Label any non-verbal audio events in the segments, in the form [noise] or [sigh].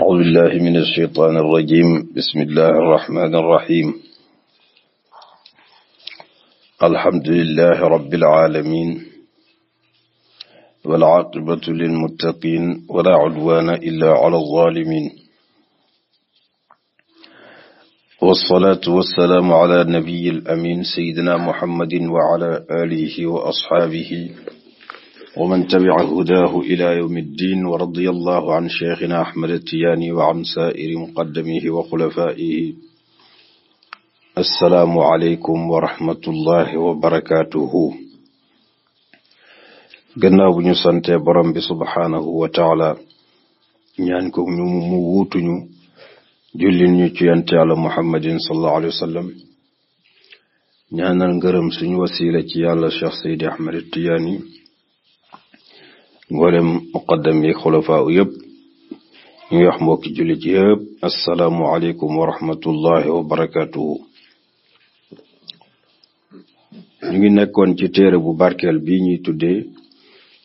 أعوذ بالله من الشيطان الرجيم بسم الله الرحمن الرحيم الحمد لله رب العالمين والعاقبة للمتقين ولا عدوان إلا على الظالمين والصلاة والسلام على النبي الأمين سيدنا محمد وعلى آله وأصحابه ومن تبع هداه إلى يوم الدين ورضي الله عن شيخنا أحمد التياني وعن سائر مقدميه وخلفائه السلام عليكم ورحمة الله وبركاته gannaaw bu ñu sante borom bi subhaanahu wa taala ñaan ko ñu mu wuutuñu jullin ñu ci yante yàlla muhammadin sallallahu alayhi wa sallam ñaanal ngërëm suñu wasiila ci yàlla cheikh mboolem muqaddam yeeg xulafaa yëpp ñu wax mbokki jullit yëpp asalaamualeykum wa rahmatullahi wa barakatuhu ñu ngi nekkoon ci téere bu barkeel bi ñuy tuddee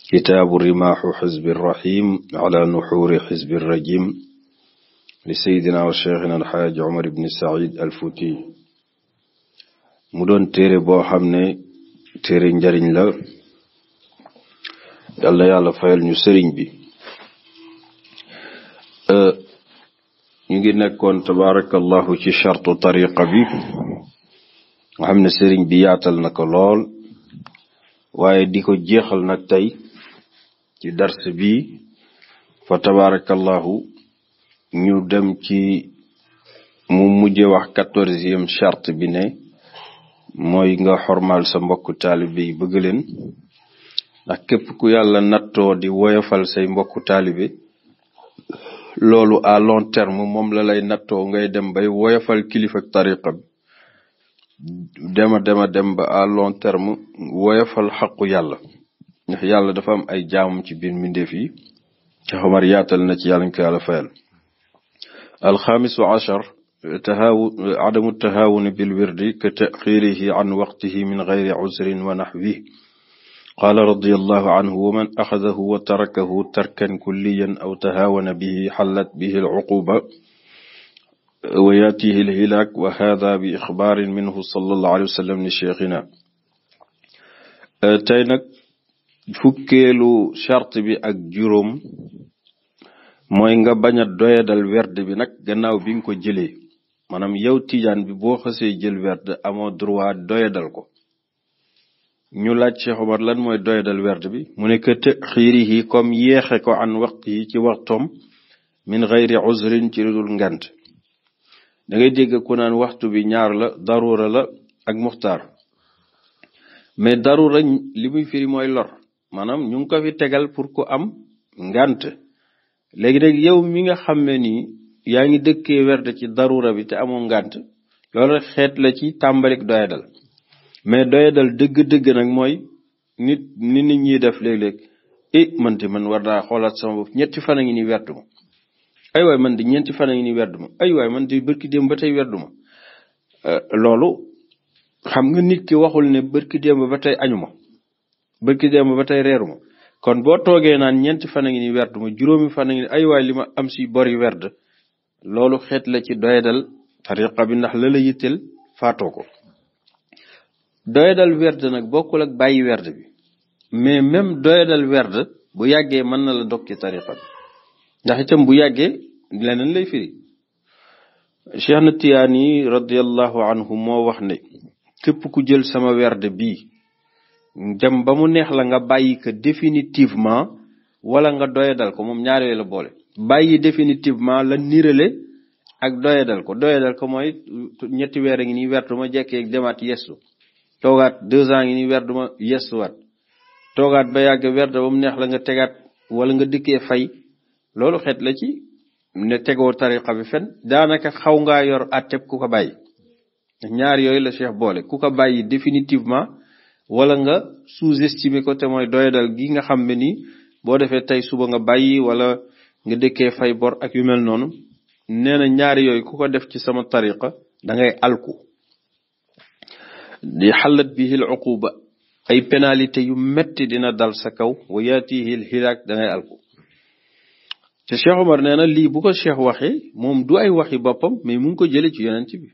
kitaabu rimaaxu xizbi rahim ala nuxuuri xizbi rajim li sayidina wa cheikhina alxaaji omar ibni said al futi mu doon téere boo xam ne téere njariñ la yàlla yàlla fayal ñu sëriñ bi euh, ñu ngi nekkoon tabaarakallahu ci chartu tariqa bi nga xam sëriñ bi yaatal na ko lool waaye di ko jeexal nag tey ci dars bi fa tabaarakallahu ñu dem ci mu mujje wax quatorzième charte bi ne mooy nga xormaal sa mbokk taalibe yi bëgg leen ndax képp ku yàlla nattoo di woyofal say mbokku taalibe loolu à long terme moom la nattoo ngay dem bay woyafal kilifa tariqa bi dema dema dem ba à long terme woyofal xaqu yàlla ndax yàlla dafa am ay jaamam ci biir mbindeef yi ci xamar na ci yàlla ñu ko fayal alxaamisu achar tahaawu adamu tahaawuni bil wirdi ka taxirihi an waqtihi min gayri usrin wa naxwi qaala radiyallahu anhu wa man axadahu wa tarakahu tarkan kulliyan aw tahawana bihi xallat bihi alcuquba wa yaatihi alhilaak wa haada bi ixbaarin minhu sallallahu alayhi wa sallam li cheikhina tey nag fukkeelu charte bi ak juróom mooy nga bañ a doyadal werd bi nag gannaaw bi nga ko jëlee maanaam yow tijaan bi boo xasee jël werd amoo droit doyadal ko ñu laaj Cheikh Omar lan mooy doyadal werd bi mu ne que te xiirihi comme yéexe ko an waxtu yi ci waxtoom min gayri uzrin ci ludul ngant da ngay dégg ku naan waxtu bi ñaar la darura la ak muxtaar mais darura li muy firi mooy lor maanaam ñu ngi ko fi tegal pour ku am ngant léegi nag yow mi nga xam ne nii yaa ngi dëkkee werd ci darura bi te amoo ngant loolu xeet la ci tàmbalik doyadal mais doyadal dëgg-dëgg nag mooy nit ni nit ñiy def léeg-léeg i eh, man di man war naa xoolaat sama bopp ñetti fan a ngi ni werdu ma waay man di ñeenti fan a ni werdu ay waay man di bërki démb ba tey werdu ma euh, loolu xam nga nit ki waxul ne bërki démb ba tey añu ma bërki démb ba tey reeru kon boo toogee naan ñenti fan a ngi ni werdu ma juróomi fan a ngi ni ay waay li ma am si bori werd loolu xeet la ci doyadal tariqa bi ndax la la yitteel faatoo ko doyadal werd nag bokkul ak bàyyi werd bi mais même doyadal werd bu yàggee mën na la dog ci tariqa bi ndax itam bu yàggee leneen lay firi cheikh na tiyaan yi radiallahu anhu moo wax ne képp ku jël sama werd bi dem ba mu neex la nga bàyyi ko définitivement walla nga doyadal ko moom ñaar yooyu la boole bàyyi définitivement la nirale ak doyadal ko doyadal ko mooy ñetti weer a ngi nii wertu ma jekkee demaat yestu toogaat deux ans ngi weer werd ma yestuwaat toogaat ba yàgg werd ba mu neex la nga tegaat wala nga dikkee fay loolu xeet la ci ne tegoo tariqa bi fen daanaka xaw ngaa yor atteb ku ko bàyyi ñaar yooyu la cheikh boole ku ko bàyyi définitivement wala nga sous-estimer ko te mooy doyadal gi nga xam ne nii boo defee tey suba nga bàyyi wala nga dëkkee fay bor ak yu mel noonu nee na ñaari yooyu ku ko def ci sama tariqa da ngay alku di xalat bihi al uquba ay pénalité yu metti dina dal sa kaw wa yaatihi al hilaak dangay alku te Cheikh Omar nee na lii bu ko Cheikh waxee moom du ay waxi boppam mais mu ngi ko jëlee ci yonent bi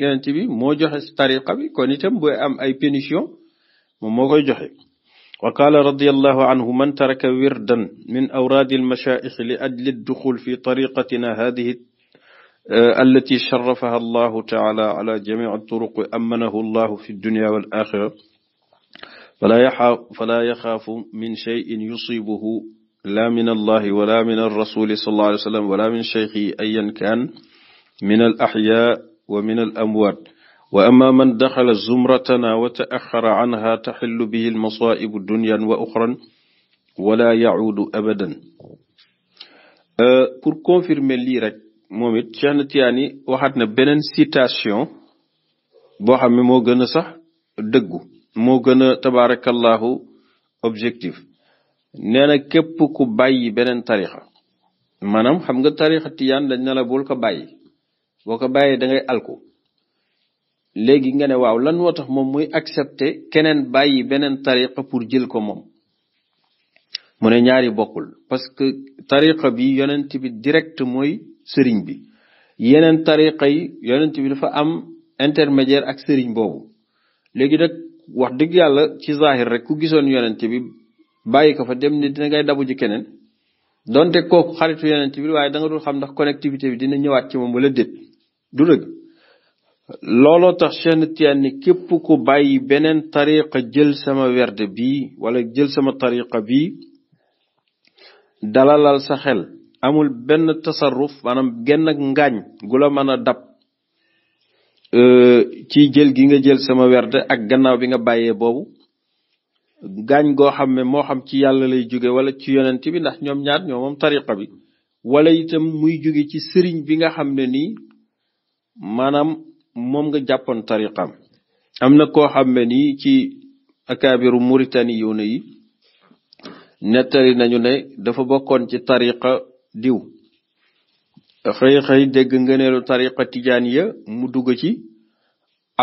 yonent bi moo joxe tariqa bi kon itam bu am ay pénition moom moo koy joxe wa qaala radiyallahu anhu man taraka wirdan min awraadi almashaayix li ajli adduxul fi tariqatina hadihi allati sharafaha allahu taala ala jamii turuq wa amanahu allahu fi dunia wal axira fala yaxaafu min cheyin yusibuhu la min allahi wala min alrasuli sallallahu alayhi wa sallam wala min cheikhi ayan kaan min al axyaa wa min al amwaat wa amma man daxala zumratana wa taaxara anha taxillu bihi almasaa'ibu dunyan wa uxran wala yacuudu abadan pour confirmer lii rek moom it Cheikh na Tiyaani waxaat na beneen sitation boo xam ne moo gën a sax dëggu moo gën a tabaarakallahu objectif nee na képp ku bàyyi beneen tarixa maanaam xam nga tarixa tiyaan dañ ne la bul ko bàyyi boo ko bàyyee da ngay alku léegi nga ne waaw lan moo tax moom muy accepter keneen bàyyi beneen tariqa pour jël ko moom mu ne ñaari bokkul parce que tariqa bi yonent bi direct mooy sëriñ bi yeneen tariqa yi yonent bi dafa am intermédiaire ak sëriñ boobu léegi nag wax dëgg yàlla ci zahir rek ku gisoon yonent bi bàyyi ko fa dem ni dina ngay dabu ji keneen donte kooku xaritu yonent bi waaye da nga dul xam ndax connectivité bi dina ñëwaat ci moom wala déet du dëgg looloo tax Cheikh Tijaan ni képp ko bàyyi beneen tariqa jël sama werd bii wala jël sama tariqa bii dalalal sa xel amul benn tasarruf maanaam genn ak ngaañ gu la mën a dab euh, ci jël gi nga jël sama werde ak gannaaw bi nga bàyyee boobu ngaañ goo xam ne moo xam ci yàlla lay jóge wala ci yonent bi ndax ñoom ñaar ñoo moom tariqa bi wala itam muy jóge ci sëriñ bi nga xam ne nii maanaam moom nga jàppoon tariqam am na koo xam ne nii ci akaabiru Mauritanie yow yi nettali nañu ne dafa bokkoon ci tariqa diw xëy xëy dégg ngëneelu tariqa tijaan ya mu dugg ci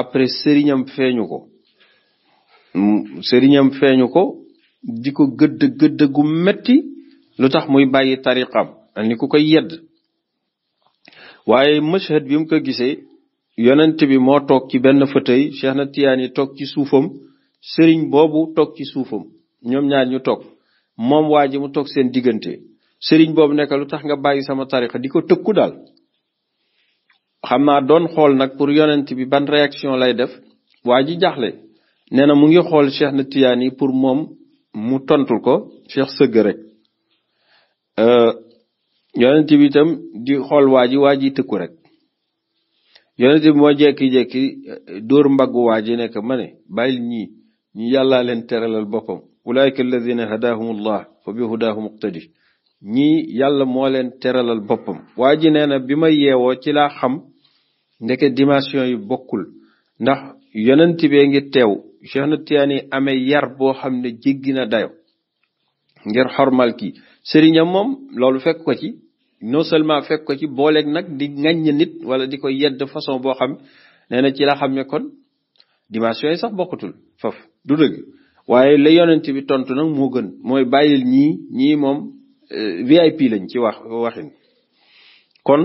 après sëriñam feeñu ko sëriñam feeñu ko di ko gëdd gëdd gu metti lu tax muy bàyyi tariqam ni ku koy yedd waaye mashhad bi mu ko gisee yonent bi moo toog ci benn fëtëy Cheikh na Tiyaani toog ci suufam sëriñ boobu toog ci suufam ñoom ñaar ñu toog moom waa ji mu toog seen diggante sëriñ boobu nekk lu tax nga bàyyi sama tarixa di ko tëkku daal xam naa doon xool nag pour yonent bi ban réaction lay def waa ji jaxle nee na mu ngi xool Cheikh na Tijaan yi pour moom mu tontul ko Cheikh sëgg rek euh, yonent bi itam di xool waa ji waa ji tëkku rek yonent bi moo jekki-jekki euh, dóor mbaggu waa ji nekk ma ne bàyyil ñii ñi yàllaa leen teralal boppam ulaayka alladina hadahum allah fa bi hudaahum iqtadi ñii yàlla moo leen teralal boppam waa ji nee na bi ma yeewoo ci laa xam ndeke dimension yi bokkul ndax yonent bee ngi teew Cheikh na Tiyaani amee yar boo xam ne jéggi na dayo ngir xormal ki sëriñam moom loolu fekk ko ci non seulement fekk ko ci booleeg nag di ŋaññ nit wala di ko yedd façon boo xam nee na ci la xam ne kon dimension yi sax bokkatul foofu du dëgg waaye la yonent bi tontu nag moo gën mooy bàyyil ñii ñii moom Euh, VIP lañ ci wax waxin kon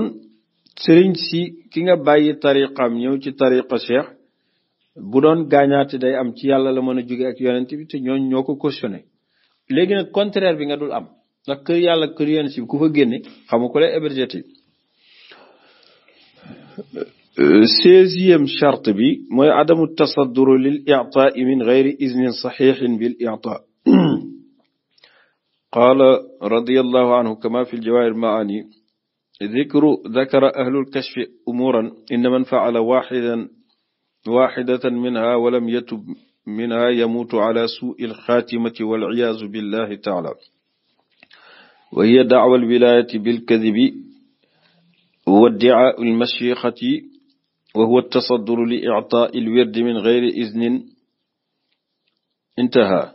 sëriñ si ki nga bàyyi am ñëw ci tariqa cheikh bu doon gaañaate day am ci yàlla la mën a jóge ak yonent bi te ñooñ ñoo ko cautionné léegi na contraire bi nga dul am ndax kër yàlla kër yonent bi ku fa génne xamu ko lay hébergé yi seizième charte bi mooy adamu tasadduru lil i'ta'i min gayri iznin saxiixin bil i'ta' [clears throat] قال رضي الله عنه كما في الجواهر المعاني ذكر ذكر أهل الكشف أمورا إن من فعل واحدا واحدة منها ولم يتب منها يموت على سوء الخاتمة والعياذ بالله تعالى وهي دعوى الولاية بالكذب وادعاء المشيخة وهو التصدر لإعطاء الورد من غير إذن انتهى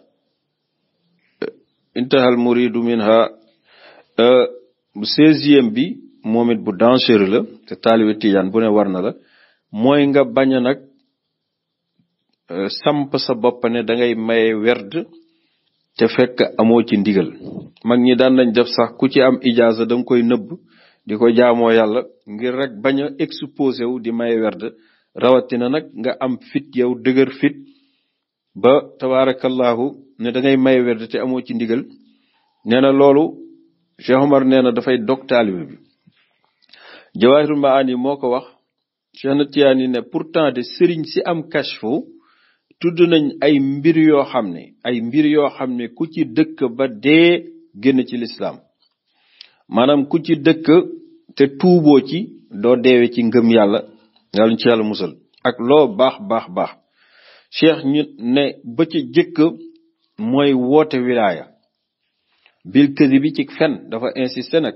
intahal muridu minha euh, seizième bi moom it bu dangereux la te taalibe tijaan bu ne war na la mooy nga bañ a nag euh, samp sa bopp ne da maye werd te fekk amoo ci ndigal mag ñi daan nañ def sax ku ci am ijaasa da koy nëbb di ko jaamoo yàlla ngir rek bañ a exposé wu di maye werd rawatina nag nga am fit yow dëgër fit ba tabaarakallahu ne dangay ngay may werd te amoo ci ndigal nee na loolu Cheikh Omar nee na dafay dog taalibe bi Jawahirul Maani moo ko wax Cheikh na Tiyaani ne pourtant de sëriñ si am kashfu tudd nañ ay mbir yoo xam ne ay mbir yoo xam ne ku ci dëkk ba dee génn ci lislaam maanaam ku ci dëkk te tuuboo ci doo deewe ci ngëm yàlla yàlla ñu ci yàlla musal ak loo baax baax baax cheikh ne ba ci jëkk mooy woote wilaaya bil kësi bi ci fen dafa insister nag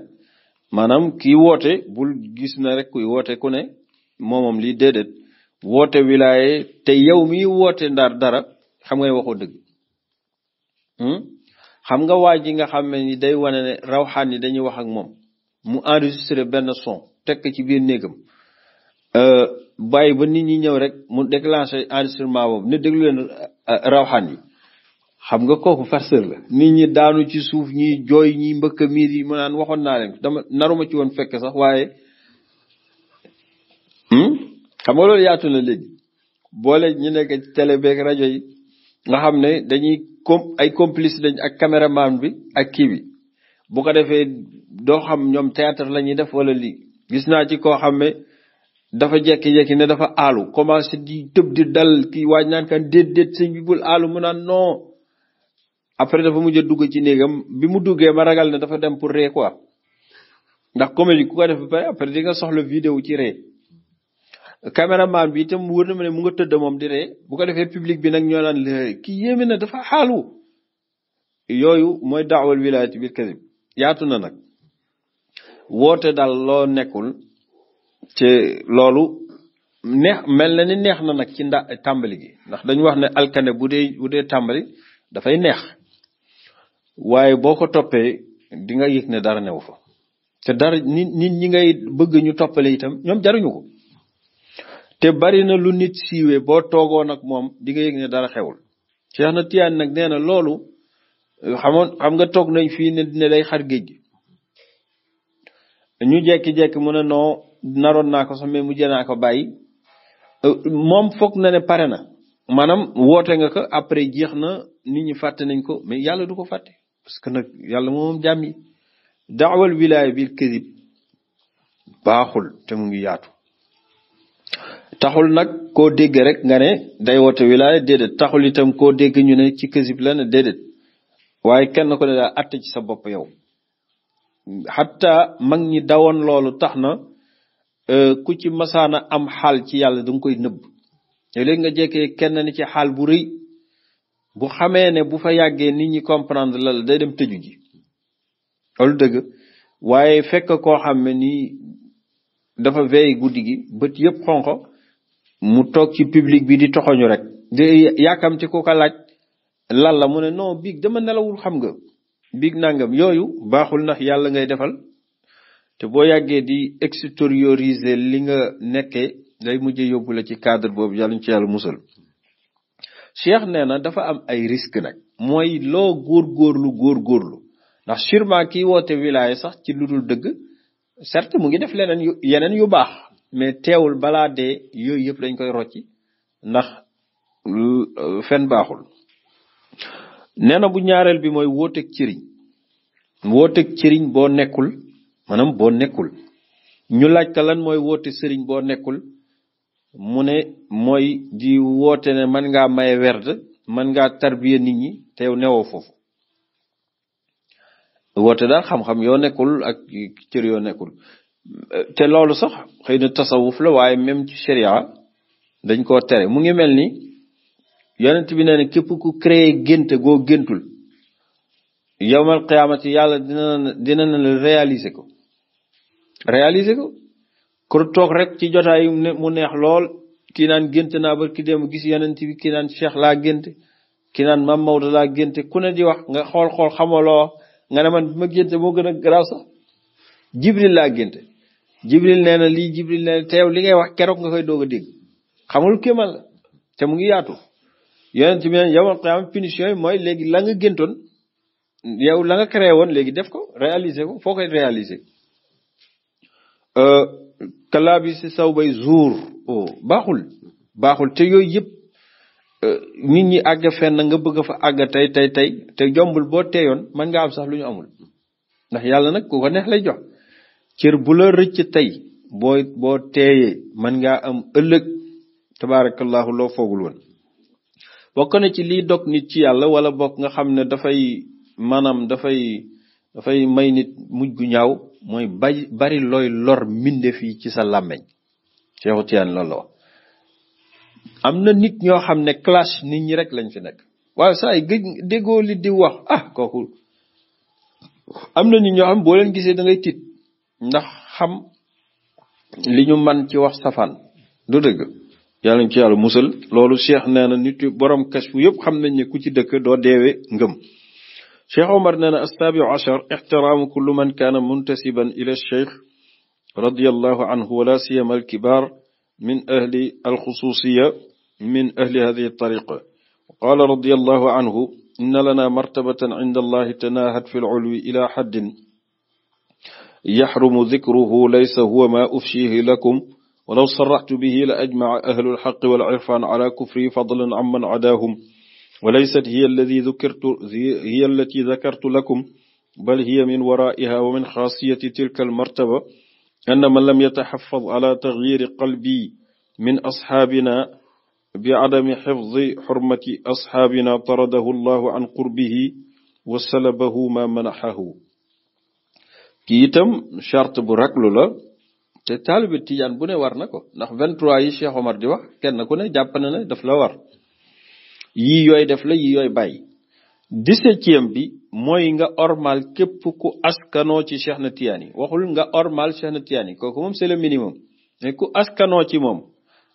maanaam kii woote bul gis na rek kuy woote ku ne moomoom li déedéet woote wilaaya te yow mi woote ndaar dara xam nga waxo dëgg hmm? xam nga waa ji nga xam ne ni day wane ne rawxaan yi dañuy wax ak moom mu enregistré benn son tekk ci biir néegam euh, bàyyi ba nit ñi ñëw rek mu déclenché enregistrement boobu ne déglu leen euh, rawxaan yi xam nga kooku farceur la nit ñi daanu ci suuf ñi jooy ñi mbëkk miir yi mu naan waxoon naa leen dama naruma ci woon fekk sax waaye hmm? xam nga loolu yaatu na léegi boole ñu nekk ci rajo yi nga xam ne dañuy com ay complice lañ ak caméraman bi ak kii bi bu ko defee doo xam ñoom théâtre la ñuy def wala lii gis naa ci koo xam ne dafa jekki-jekki ne dafa aalu commencé di tëb di dal ki waaj naan kan déet déet sëñ aalu mu naan non après dafa mujj a dugg ci néegam bi mu duggee ma ragal na dafa dem pour ree koi ndax comédie ku ko def ba pare après di nga soxla vidéo ci ree caméraman bi itam wër na ma ne mu nga tëdd moom di ree bu ko defee public bi nag ñoo naan l kii yéeme na dafa xaalu yooyu mooy daawal wilaayati bil kasib yaatu na nag woote daal loo nekkul ci loolu neex mel na ni neex na nag ci nda tàmbali gi ndax dañu wax ne alkane bu dee bu dee tàmbali dafay neex waaye boo ko toppee di nga yëg ne dara newu fa te dara nit nit ñi ngay bëgg ñu toppale itam ñoom jaruñu ko te bari na lu nit siiwee boo toogoon ak moom di nga yëg ne dara xewul Cheikh na Tiyaan nag nee na loolu xamoon xam nga toog nañ fii ne ne day xar géej gi ñu jekki-jekki mu ne noo naroon naa ko sax mais mujj naa ko bàyyi euh, moom foog na ne pare na maanaam woote nga ko après jeex na nit ñu fàtte nañ ko mais yàlla du ko fàtte parce que nag yàlla moom jàmm yi daawal wilaaya bil këdib baaxul te mu ngi yaatu taxul nag koo dégg rek nga ne day woote wilaaya déedéet taxul itam koo dégg ñu ne ci kësib la ne déedéet waaye kenn ko ne daal atte sa bopp yow xatta mag ñi dawoon loolu tax na euh, ku ci masaana am xaal ci yàlla da koy nëbb te léegi nga jekkee kenn ni ci xaal bu rëy bu xamee ne bu fa yàggee nit ñi comprendre la day dem tëju ji loolu dëgg waaye fekk koo xam ne nii dafa veey guddi gi bët yëpp xonko mu toog ci public bi di toxoñu rek di yàkkamti ko ko laaj lan la mu ne non biig dama nelawul xam nga biig nangam yooyu baaxul ndax yàlla ngay defal te boo yàggee di extérioriser li nga nekkee day mujj yóbbu la ci cadre boobu yàlla ñu ci yàlla musal cheikh nee na dafa am ay risque nag mooy loo góor góor góorlu ndax sûrement ki woote wilaya sax ci lu dul dëgg certes mu ngi def leneen yu yeneen yu baax mais teewul balaa dee yooyu yëpp dañ koy rocci ndax euh, fen baaxul nee na bu ñaareel bi mooy wooteeg cëriñ wooteeg cëriñ boo nekkul maanaam boo nekkul ñu laaj ka lan mooy woote sëriñ boo nekkul mu ne mooy di woote ne mën ngaa maye werd mën ngaa tarbiya nit ñi te yow newoo foofu woote daal xam-xam yoo nekkul ak cër yoo nekkul te loolu sax xëy na tasawuf la waaye même ci sharia dañ koo tere mu ngi mel ni yonent bi nee na képp ku créé génte goo géntul yowmal qiyaamati yàlla dina dina na ko réaliser ko ku toog rek ci jotaay mu neex lool kii naan gént naa ba ki dem gis yeneen bi kii naan Cheikh laa gént kii naan Mam Maodo laa gént ku ne wax nga xool xool xamaloo nga ne man bi ma gént moo gën a garaaw sax Jibril laa gént Jibril nee na lii Jibril nee teew li ngay wax keroog nga koy doog a dégg xamul kéemal la te mu ngi yaatu yonent bi neen yow qiyaam punition yi mooy léegi la nga géntoon yow la créé woon léegi def ko réaliser ko foo koy réaliser euh, kalaa bi si saw bay zuur oh, baaxul baaxul te yooyu yëpp euh, nit ñi àgg fenn nga bëgg fa àgg tey tey tey te jombul boo teeyoon mën nga am sax lu ñu amul ndax yàlla nag ku ko neex lay jox cër bu la rëcc tey boo boo teeyee man ngaa am ëllëg tabaarakallaahu loo foogul woon bokk ci liy dog nit ci yàlla wala bokk nga xam ne dafay maanaam dafay dafay may nit mujj gu ñaaw mooy bay bari looy lor mbindeef yi ci sa làmmiñ Cheikhu Tijaan loolu wax am na nit ñoo xam ne clash nit ñi rek lañ fi nekk waaye saa yi gëj déggoo li di wax ah kooku am na nit ñoo xam boo leen gisee da ngay ndax xam li ñu man ci wax safaan du dëgg yàlla ñu ci yàlla musal loolu Cheikh nee na nit boroom kes fu yëpp xam nañ ne ku ci dëkk doo deewe ngëm cheikh omar nee na assabiu achar ixtiraamu kullu man kaana muntasiban ila cheikh radiallahu anhu wala siyama alkibaar min ahli alxususiya min ahli hadihi tariqa wa qaala radiallahu anhu inna lana martabatan inda allahi tanaahat fi lculwi ila xaddin yaxrumu dikruhu laysa huwa ma ufshihi lakum walaw saraxtu bihi la ajmaca ahlu alxaqi walirfaan ala kufri fadlan amman adaahum walaysat hiya allati dhukirtu hiya allati dhakartu lakum bal hiya min waraiha wa min xaasiyati tilka almartaba anna man lam yataxafaz ala taxyiri qalbi min asxaabina bi adami xifdi xurmati asxaabina taradahu allahu an qurbihi wa salabahu ma manaxahu kii itam charte bu raglu la te taalibe tijaan bu ne war na ko ndax 23 yi Cheikh Omar di wax kenn ku ne jàpp na ne daf la war yii yooy def la yii yooy bàyyi dix-septième bi mooy nga ormal képp ku askanoo ci Cheikh na yi waxul nga ormal Cheikh na Tiyaani kooku moom c'est le minimum mais ku askanoo ci moom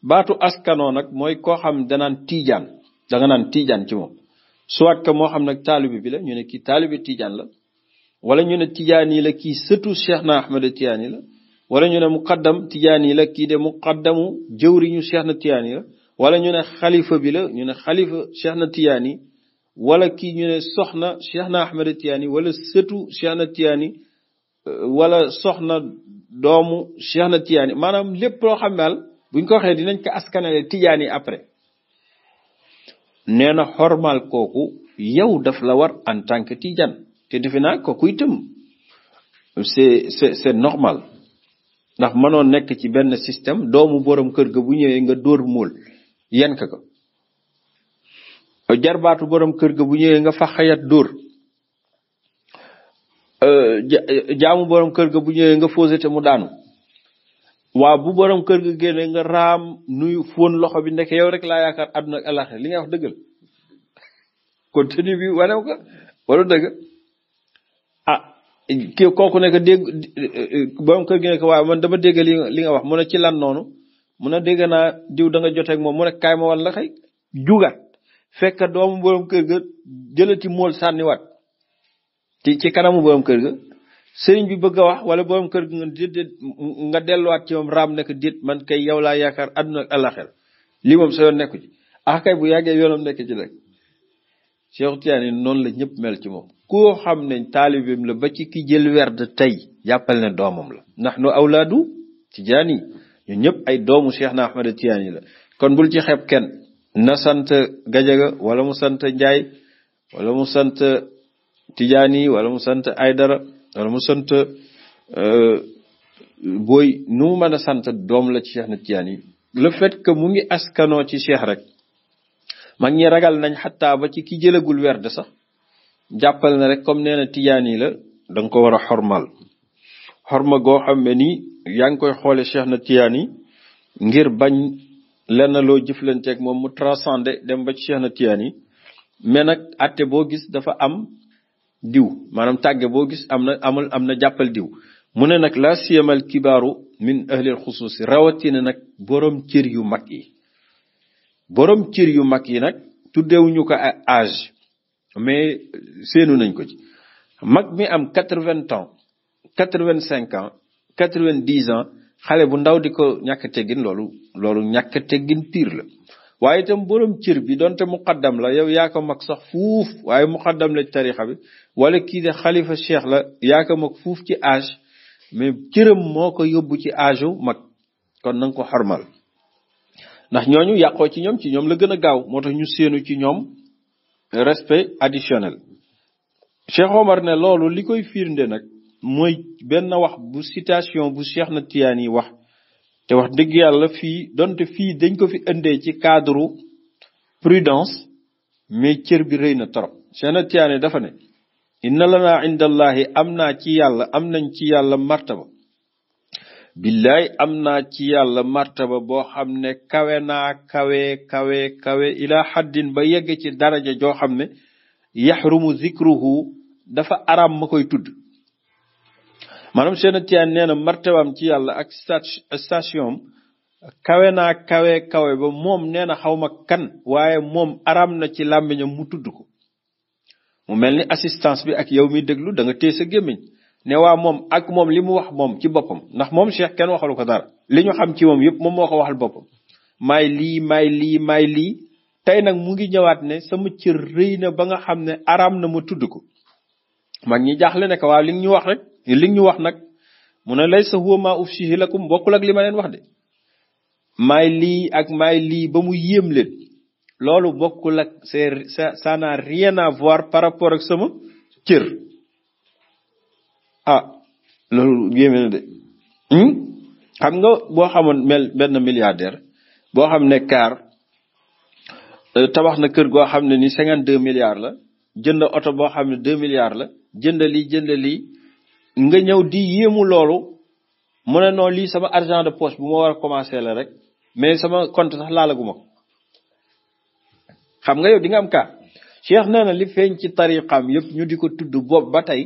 baatu askanoo nag mooy koo xam danaan tiijaan danga naan tiijaan ci moom soit que moo xam nag taalibi bi la ñu ne kii taalibi tiijaan la wala ñu ne tijaani la kii sëtu Cheikh na Ahmed Tiyaani la wala ñu ne muqaddam tijaani la kii de muqaddamu jëwriñu Cheikh na Tiyaani la wala ñu ne xalifa bi la ñu ne xalifa cheikh na tiyaani wala kii ñu ne soxna cheikh na ahmada tiyaani wala sëtu cheikh tiyaani euh, wala soxna doomu cheikh na tiyaani maanaam lépp loo xam daal buñ ko waxee dinañ ko askanale tiyaani après nee na xormaal kooku yow daf la war en tant que tijaan te defe naa kooku itam c'est c'est c'est normal ndax mënoon nekk ci benn système doomu boroom kër ga bu ñëwee nga dóor mool yen ka ko jarbaatu borom kër ga bu ñëwee nga fa xayat dóor jaamu borom kër ga bu ñëwee nga fausete mu daanu waa bu borom kër ga génne nga raam nuyu fóon loxo bi nekk yow rek laa yaakaar àdduna ak alaxira li nga wax dëggal [laughs] contenu bi wanew ko wala dëgg ah kii man dama dégg li nga wax mu ci lan noonu mun a dégg naa diw da nga moom mu ne kaay ma wan la kay jugaat fekk doomu borom kër ga jëlati mool sànniwaat ti ci kanamu borom kër ga sëriñ bi bëgg a wax wala borom kër ga nga delluwaat ci moom raam nekk di man kay yow laa yaakaar àdduna ak àllaxel lii moom sa yoon nekku ci ah bu yàggee yoonam nekk ci rek Cheikh Tidiane noonu la ñëpp mel ci moom koo xam ne taalibim la ba ci ki jël werd tey jàppal ne doomam la ndax nu awlaadu ñu ñëpp ay doomu Cheikh na Ahmed Tidiane la kon bul ci xeeb kenn na sant Gajaga wala mu sant Njaay wala mu sant euh, Tidiane wala mu sant Aydara wala mu sant euh, booy nu mu mën a sant doom la ci Cheikh na Tidiane yi le fait que mu ngi askanoo ci Cheikh rek mag ñi ragal nañ xattaa ba ci ki jëlagul werd sax jàppal na rek comme nee na yi la danga ko war a xormal xorma goo xam nii yaa ngi koy xoole Cheikh na Tiyaani ngir bañ lenna loo jëflanteeg moom mu transcender dem ba Cheikh na Tiyaani mais nag atte boo gis dafa am diw maanaam tàgge boo gis am na amul am na jàppal diw mu ne nag laa siyamal kibaaru min ahlil xusuusi rawatina nag boroom cër yu mag yi boroom cër yu mag yi nag tuddewuñu ko âge mais séenu nañ ko ci mag mi am quatre-vingts ans quatre-vingt-cinq ans quatre-vingt-dix ans xale bu ndaw di ko ñàkk teggin loolu loolu ñàkk teggin piir la waaye itam borom cër bi donte muqaddam la yow yaa ko mag sax fuuf waaye muqaddam la ci tarixa bi wala kii de xalifa cheikh la yaa ko mag fuuf ci âge mais cëram moo ko yóbbu ci âge u mag kon na ko xormal ndax ñooñu yàqoo ci ñoom ci ñoom la gën a gaaw moo tax ñu séenu ci ñoom respect additionnel Cheikh Omar ne loolu li koy firnde nag mooy benn wax bu citation bu Cheikh na Tiyaani wax te wax dëgg yàlla fii donte fii dañ ko fi indee ci cadre prudence mais cër bi rëy na trop Cheikh na Tiyaani dafa ne inna lana indallahi am naa ci yàlla am nañ ci yàlla martaba billaay am naa ci yàlla martaba boo xam ne kawe naa kawe kawe kawe ila xaddin ba yegg ci daraja joo xam ne yaxrumu zikruhu dafa aram ma koy tudd maanaam seena Tijaan nee na martabaam ci yàlla ak station kawe naa kawe kawe ba moom nee na xaw ma kan waaye moom araam na ci làmmiñam mu tudd ko mu mel ni assistance bi ak yow mi déglu danga nga sa gémmiñ ne waa moom ak moom li mu wax moom ci boppam ndax moom Cheikh kenn waxalu ko dara li ñu xam ci moom yëpp moom moo ko waxal boppam maay lii may lii maay lii tey nag mu ngi ñëwaat ne sama cër rëy ne ba nga xam ne araam na mu tudd ko mag ñi jaaxle ne ko li ñu wax rek li ñu wax nag mu ne laysa huwa ma ufsihi lakum bokkul ak li ma leen wax de maay lii ak maay lii ba mu yéem leen loolu bokkul ak c'est ça rien à voir par rapport ak sama cër ah loolu na de hmm? xam nga boo xamoon mel benn milliardaire boo xam ne kaar euh, tabax na kër goo xam ne ni cinquante deux milliards la jënd oto boo xam ne deux milliards la jënd lii jënd lii nga ñëw di yéemu loolu mu ne noonu lii sama argent de poche bu ma war a commencer la rek mais sama compte sax laalaguma ko xam nga yow di nga am cas Cheikh nee na li feeñ ci tariqam yëpp ñu di ko tudd bopp ba tey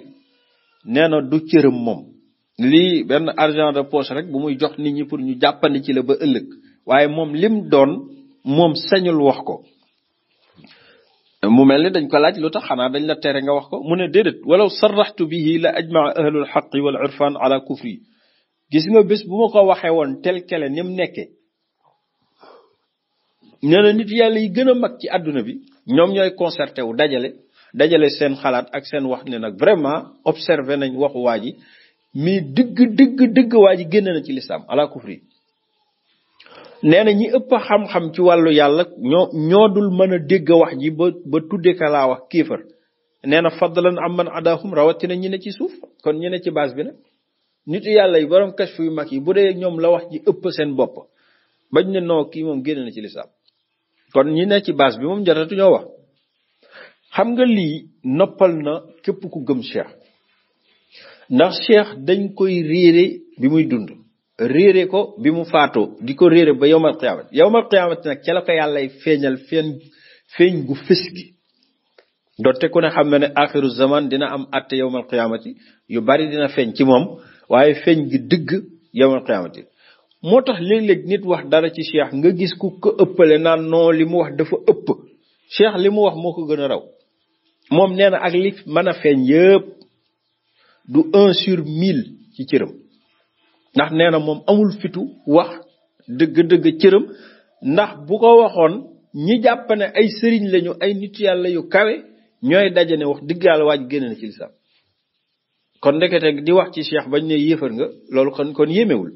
nee na du cërëm moom lii benn argent de poche rek bu muy jox nit ñi pour ñu jàppandi ci la ba ëllëg waaye moom lim doon moom sañul wax ko mu mel ni dañ ko laaj lu tax xanaa dañ la tere nga wax ko mu ne déedéet walaw sarraxtu bihi la ajmaa ahlul xaqi wal irfan alaa kufri gis nga bés bu ma ko waxee woon tel kele ni mu nekkee nee na nit yàlla yi gën a mag ci àdduna bi ñoom ñooy concerté wu dajale dajale seen xalaat ak seen wax ne nag vraiment observé nañ waxu waa ji mais dëgg dëgg dëgg waa ji génn na ci lislaam ala kufri nee na ñi ëpp xam-xam ci wàllu yàlla ñoo ñoo dul mën a dégg wax ji ba ba tudde ka laa wax kiifar nee na fadlan am man adahum rawatina ñi ne ci suuf kon ñi ne ci baas bi nag nit yàlla yi borom kashf yu mag yi bu dee ñoom la wax ji ëpp seen bopp bañ ne noo kii moom génn na ci lislaam kon ñi ne ci base bi moom jotatu ñoo wax xam nga lii noppal na képp ku gëm cheikh ndax cheikh dañ koy réere bi muy dund réere ko bi mu faatoo di ko réere ba yowmal qiyaamat yowmal qiyaamat nag ca la ko yàllay feeñal feeñ feeñ gu fës gi doonte ku ne xam na ne axiru zaman dina am atte yowmal qiyaamati yu bari dina feeñ ci moom waaye feeñ gi digg yowmal qiyaamati moo tax léeg-léeg nit wax dara ci cheikh nga gis ku ko ëppale naa non li mu wax dafa ëpp cheikh li mu wax moo ko gën a raw moom nee na ak li mën a feeñ yëpp du un sur mille ci cëram ndax nee na moom amul fitu wax dëgg-dëgg cëram ndax bu ko waxoon ñi jàpp ne ay sëriñ lañu ay nit yàlla yu kawe ñooy dajane wax dëgg yàlla waaj génn na ci lislaam kon ndekete di wax ci cheikh bañ ne yéefar nga loolu kon kon yéemewul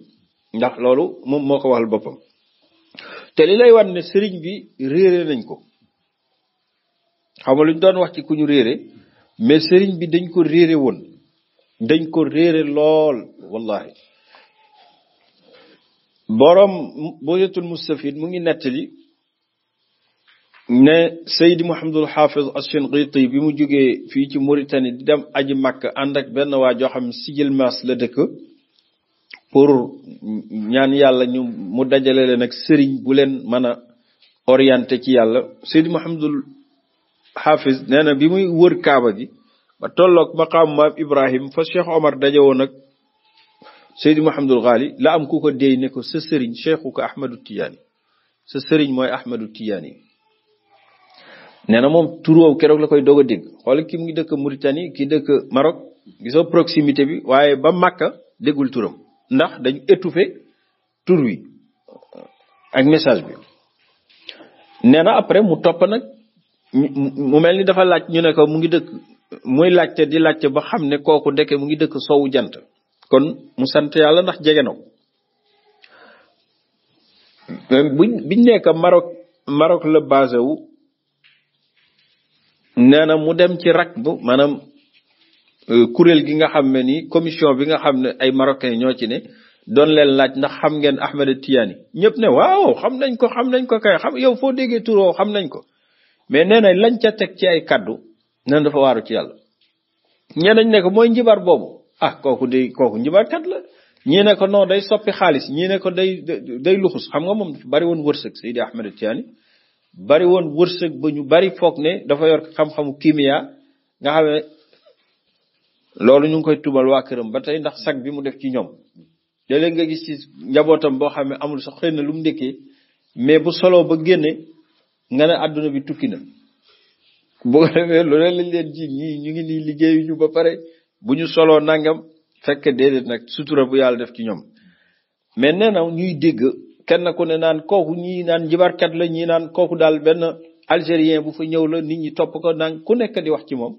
ndax loolu moom moo ko waxal boppam te li lay wan ne sëriñ bi réere nañ ko xam nga lu doon wax ci ku ñu réere mais sëriñ bi dañ ko réere woon dañ ko réere lool wallahi boroom buyatul mustafid mu ngi nettali ne Seydi Mouhamadul Hafiz Ashinqiti bi mu jógee fii ci Mauritanie di dem aji Makka ànd ak benn waa joo xam sijil mas la dëkk pour ñaan yàlla ñu mu dajale leen ak sëriñ bu leen mën a orienté ci yàlla Seydi Mouhamadul Hafiz nee na bi muy wër Kaaba gi ba tolloog maqaamu maam Ibrahim fa Cheikh Omar daje woon ak Seydi Mouhamadul Ghali la am ku ko déy ne ko sa sëriñ cheikhu ko Ahmadu Tijaani sa sëriñ mooy Ahmadu Tijaani nee na moom turóow keroog la koy doog a dégg xool ki mu ngi dëkk Mauritanie ki dëkk Maroc proximité bi waaye ba Makka déggul turam ndax dañu étouffé tur wi ak message nee na après mu topp nag mu mel ni dafa laaj ñu ne ko mu ngi dëkk muy laajte di laajte ba xam ne kooku ndeke mu ngi dëkk sowu jant kon mu sant yàlla ndax jege na ko buñ biñ nekka Maroc Maroc la basé wu nee na mu dem ci rak bu maanaam euh, kuréel gi nga xam ne ni commission bi nga xam ne ay marocains ñoo ci ne doon leen laaj ndax xam ngeen Ahmed Tidiane ñëpp ne waaw xam nañ ko xam nañ ko kay xam yow foo déggee turoo xam nañ ko mais nee na lañ ca teg ci ay kaddu nee na dafa waaru ci yàlla ñeneen ne ko mooy njibar boobu. ah kooku de kooku njibarkat la ñii ne ko non day soppi xaalis ñii ne ko day day luxus xam nga moom bari woon wërsëg Seydi Ahmed Tiani bari woon wërsëg ba ñu bari foog ne dafa yor xam-xamu kimia nga xam loolu ñu ngi koy tumal waa këram ba tey ndax sag bi mu def ci ñoom léeg-léeg nga gis ci njabootam boo xam ne amul sax xëy na lu mu ndekkee mais bu solo ba génnee nga ne àdduna bi tukki na bu ko leen leen ji ñu ngi nii liggéeyuñu ba pare bu ñu soloo nangam fekk déedéet nag sutura bu yàlla def ci ñoom mais nee na ñuy dégg kenn ku ne naan kooku ñii naan njibarkat la ñii naan kooku daal benn algérien bu fa ñëw la nit ñi topp ko naan ku nekk di wax ci moom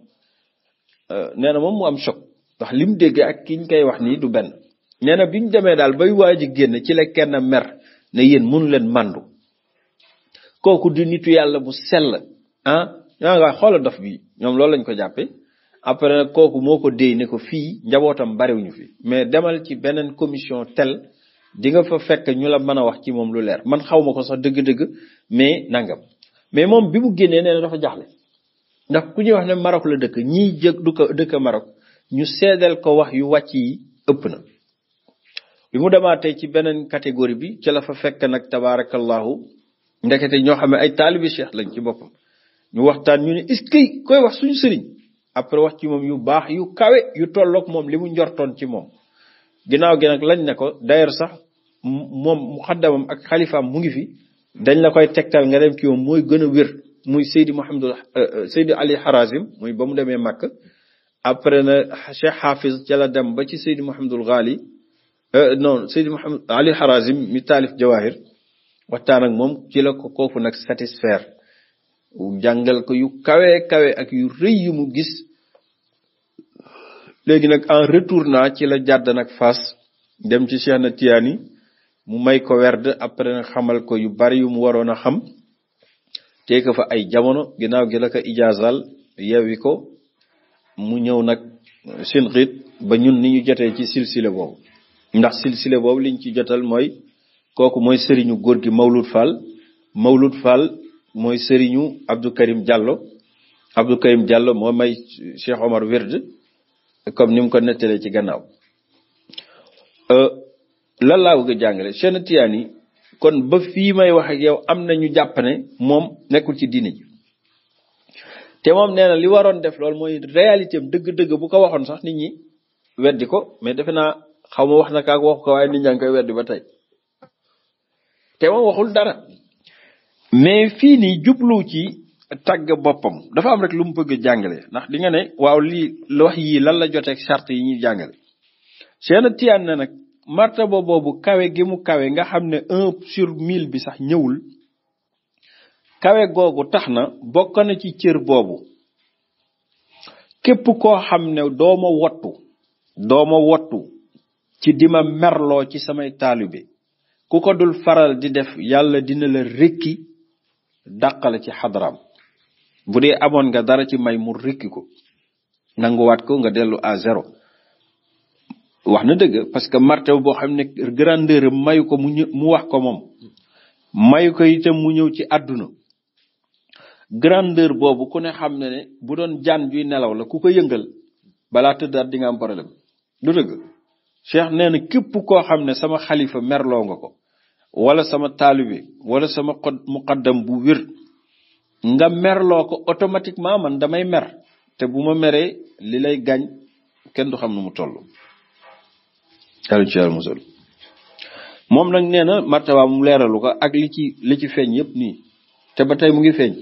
euh, nee na moom mu am choc ndax li mu dégg ak ki ñu koy wax nii du benn nee na bi ñu demee daal bay waa ji génn ci la kenn mer ne yéen mënu leen màndu kooku di nit yàlla bu sell ah ñaa nga xoola dof bi ñoom loolu lañ ko jàppee après nag kooku moo ko déy ne ko fii njabootam ñu fi mais demal ci beneen commission tel di nga fa fekk ñu la mën a wax ci moom lu leer man xaw ma ko sax dëgg-dëgg mais nangam mais moom bi mu génnee nee na dafa jaxle ndax ku ñuy wax ne Maroc la dëkk ñi jëg du ko dëkk Maroc ñu seedeel ko wax yu wàcc yi ëpp na bi mu demaatee ci beneen catégorie bi ci la fa fekk nag tabaarakallahu ndekete ñoo xam ne ay taalibi cheikh lañ ci boppam ñu waxtaan ñu ne après wax ci moom yu baax yu kawe yu tolloog moom li mu njortoon ci moom ginnaaw gi nag lañ ne ko d'ailleurs sax moom muxaddamam ak xalifaam mu ngi fi dañ la koy tegtal nga dem ci moom mooy gën a wér muy Seydi Mouhamadul euh, euh, Seydi Ali Harazim muy ba mu demee Màkk après na Cheikh Hafiz ca la dem ba ci Seydi Mouhamadul Ghali euh, non Seydi Mouhamad Ali Harazim mi taalif Jawahir waxtaan ak moom ci ko kooku nag satisfaire jàngal ko yu kawe kawe ak yu rëy yu mu gis léegi nag en retour naa ci la jàdd nag fas dem ci Cheikh na Tiyaani mu may ko werd après nag xamal ko yu bari yu mu waroon a xam tee ko fa ay jamono ginnaaw gi la ko ijaazal yewi ko mu ñëw nag sinqit ba ñun ni ñu jotee ci silsile boobu ndax silsile boobu liñ ci jotal mooy kooku mooy sëriñu góor gi Mawlud Fall Mawlud Fall mooy sëriñu Abdou Karim Diallo Abdou Karim Diallo moo may Cheikh Omar Werd comme ni mu ko nettalee ci gannaaw euh, lan laa bëgg a jàngale Cheikh Tijaan yi kon ba fii may waxee yow am na ñu jàpp moom nekkul ci diine ji te moom nee na li waroon def loolu mooy réalité dëgg-dëgg bu ko waxoon sax nit ñi weddi ko mais defe naa xaw ma wax na kaak waxu ko waaye nit ñaa ngi koy weddi ba tey te moom waxul dara mais fii nii jublu ci tàgg boppam dafa am rek lu mu bëgg jàngale ndax di nga ne waaw lii la wax yii lan la joteeg charte yi ñuy jàngale Cheikh Tijaan na nag martaba boobu kawe gi mu kawe nga xam ne un sur mille bi sax ñëwul kawe googu tax na bokk na ci cër boobu képp koo xam ne dooma wottu dooma wottu ci dima merloo ci samay taalibe ku ko dul faral di def yàlla dina la rekki dàqale ci xadram bu dee amoon nga dara ci may mu rikki ko nanguwaat ko nga dellu à zéro wax na dëgg parce que marteau boo xam ne grandeur mayu ko mu mu wax ko moom mayu ko itam mu ñëw ci àdduna grandeur boobu ku ne xam ne ne bu doon jaan juy nelaw la ku ko yëngal balaa tëddaat di nga am problème du dëgg cheikh nee na képp koo xam ne sama xalifa merloo nga ko wala sama taalibe wala sama muqaddam bu wér nga merloo ko automatiquement man damay mer te bu ma meree li lay gaañ kenn du xam nu mu toll ci musal moom nag nee na martaba mu leeralu ko ak li ci li ci feeñ yëpp nii te ba tey mu ngi feeñ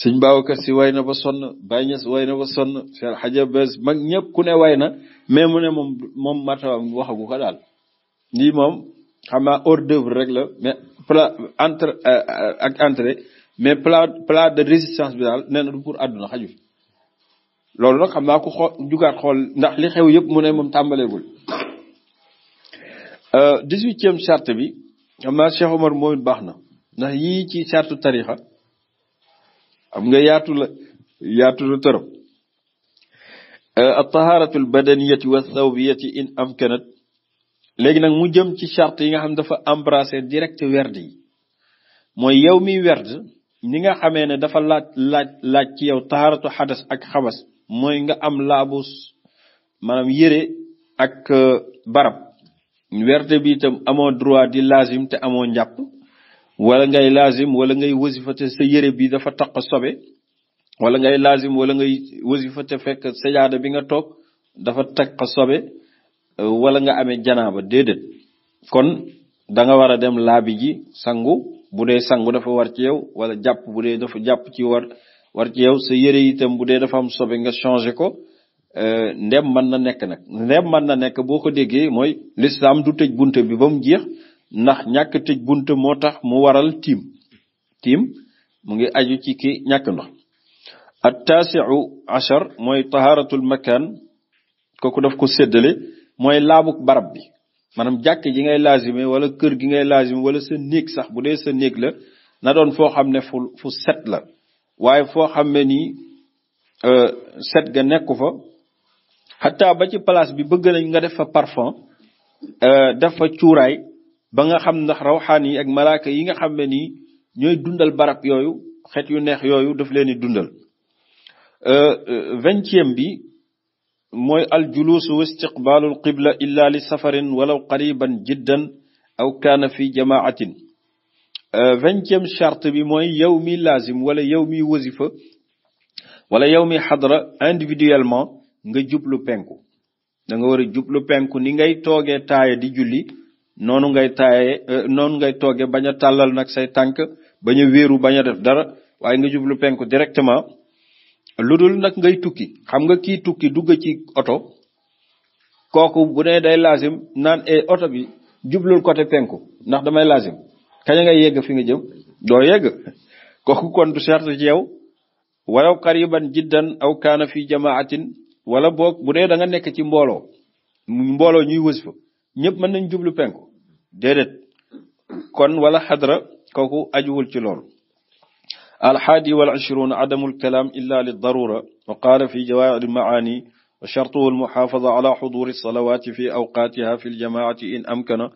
sëñ Babacar si way na ba sonn Baye Niass way na ba sonn Cheikh Bes mag ñëpp ku ne way na mais mu ne moom moom martaba mu waxagu ko daal lii moom xam hors d'œuvre rek la mais plat entre euh, euh, ak entrée mais plat plat de résistance bi daal nee na du pour àdduna xaju loolu nag xam naa ko xool jugaat xool ndax li xew yëpp mu ne moom tàmbaleegul euh, dix-huitième charte bi xam naa Cheikh Omar moom baax na ndax yii ci charte tarixa am nga yaatu la yaatu la tërëm euh, at-taharatu al-badaniyati wa thawbiyati in amkanat léegi nag mu jëm ci charte yi nga xam dafa embrasser direct werd yi mooy yow mi werd ni nga xamee ne dafa laaj laaj laaj ci yow taxaratu xadas ak xabas mooy nga am laabu maanaam yére ak euh, barab werte bi itam amoo droit di lazim te amoo njàpp wala ngay lazim wala ngay wasifa te sa yére bi dafa taq wala ngay lazim wala ngay wasifa te fekk bi nga toog dafa taq sobe euh, wala nga amee janaaba déedéet kon danga nga war a dem laabi ji sangu bu dee sangu dafa war ci yow wala jàpp bu dee dafa jàpp ci war war ci yow sa yëre itam bu dee dafa am sobe nga changé ko euh, ndem mën na nekk nag ndem mën na nekk boo ko déggee mooy lislaam du tëj bunte bi ba mu jeex ndax ñàkk tëj bunte moo tax mu waral tiim tiim mu ngi aju ci ki ñàkk ndox at taasiu achar mooy tahaaratul makan kooku daf ko séddale mooy laabuk barab bi maanaam jàkk ji ngay laazime wala kër gi ngay laazime wala sa néeg sax bu dee sa néeg la na doon foo xam ne fu fu set la waaye foo xam ne nii euh, set ga nekku fa xataa ba ci place bi bëgg nañ nga def fa parfum euh, def fa cuuraay ba nga xam ndax rawxaan yi ak malaaka yi nga xam ne nii ñooy dundal barab yooyu xeet yu neex yooyu daf leen di dundal euh, vingtième bi mooy aljuluusu wa istiqbaalul qibla illa li safarin walaw qariban jiddan aw kaana fi jamaatin euh, vingtième charte bi mooy yow mi laazim wala yow mi wasifa wala yow mi xadara individuellement nga jublu penku danga nga war a jublu penku ni ngay toogee taaya di julli noonu ngay taaye euh, noonu ngay tooge bañ a tàllal nag say tànk bañ a wéeru bañ a def dara waaye nga jublu penku directement lu dul nag ngay tukki xam nga kii tukki dugg ci oto kooku bu ne day laasim naan e oto bi jublul côté penku ndax damay laasim kañ ngay yegg fi nga jëm doo yegg [laughs] kooku kon du sart ci yow walaw qariban jiddan aw kaana fi jamaatin wala boog bu dee da nga nekk ci mbooloo mbooloo ñuy wës fa ñëpp mën nañ jublu penku déedéet kon wala xadra kooku ajuwul ci lool alxaadi wal ashrun adamu alkalaam illa li darura wa qaala fi jawaahir maani wa shartuhu almuxaafada ala xuduri salawaati fi awqaatiha fi ljamaati in amkana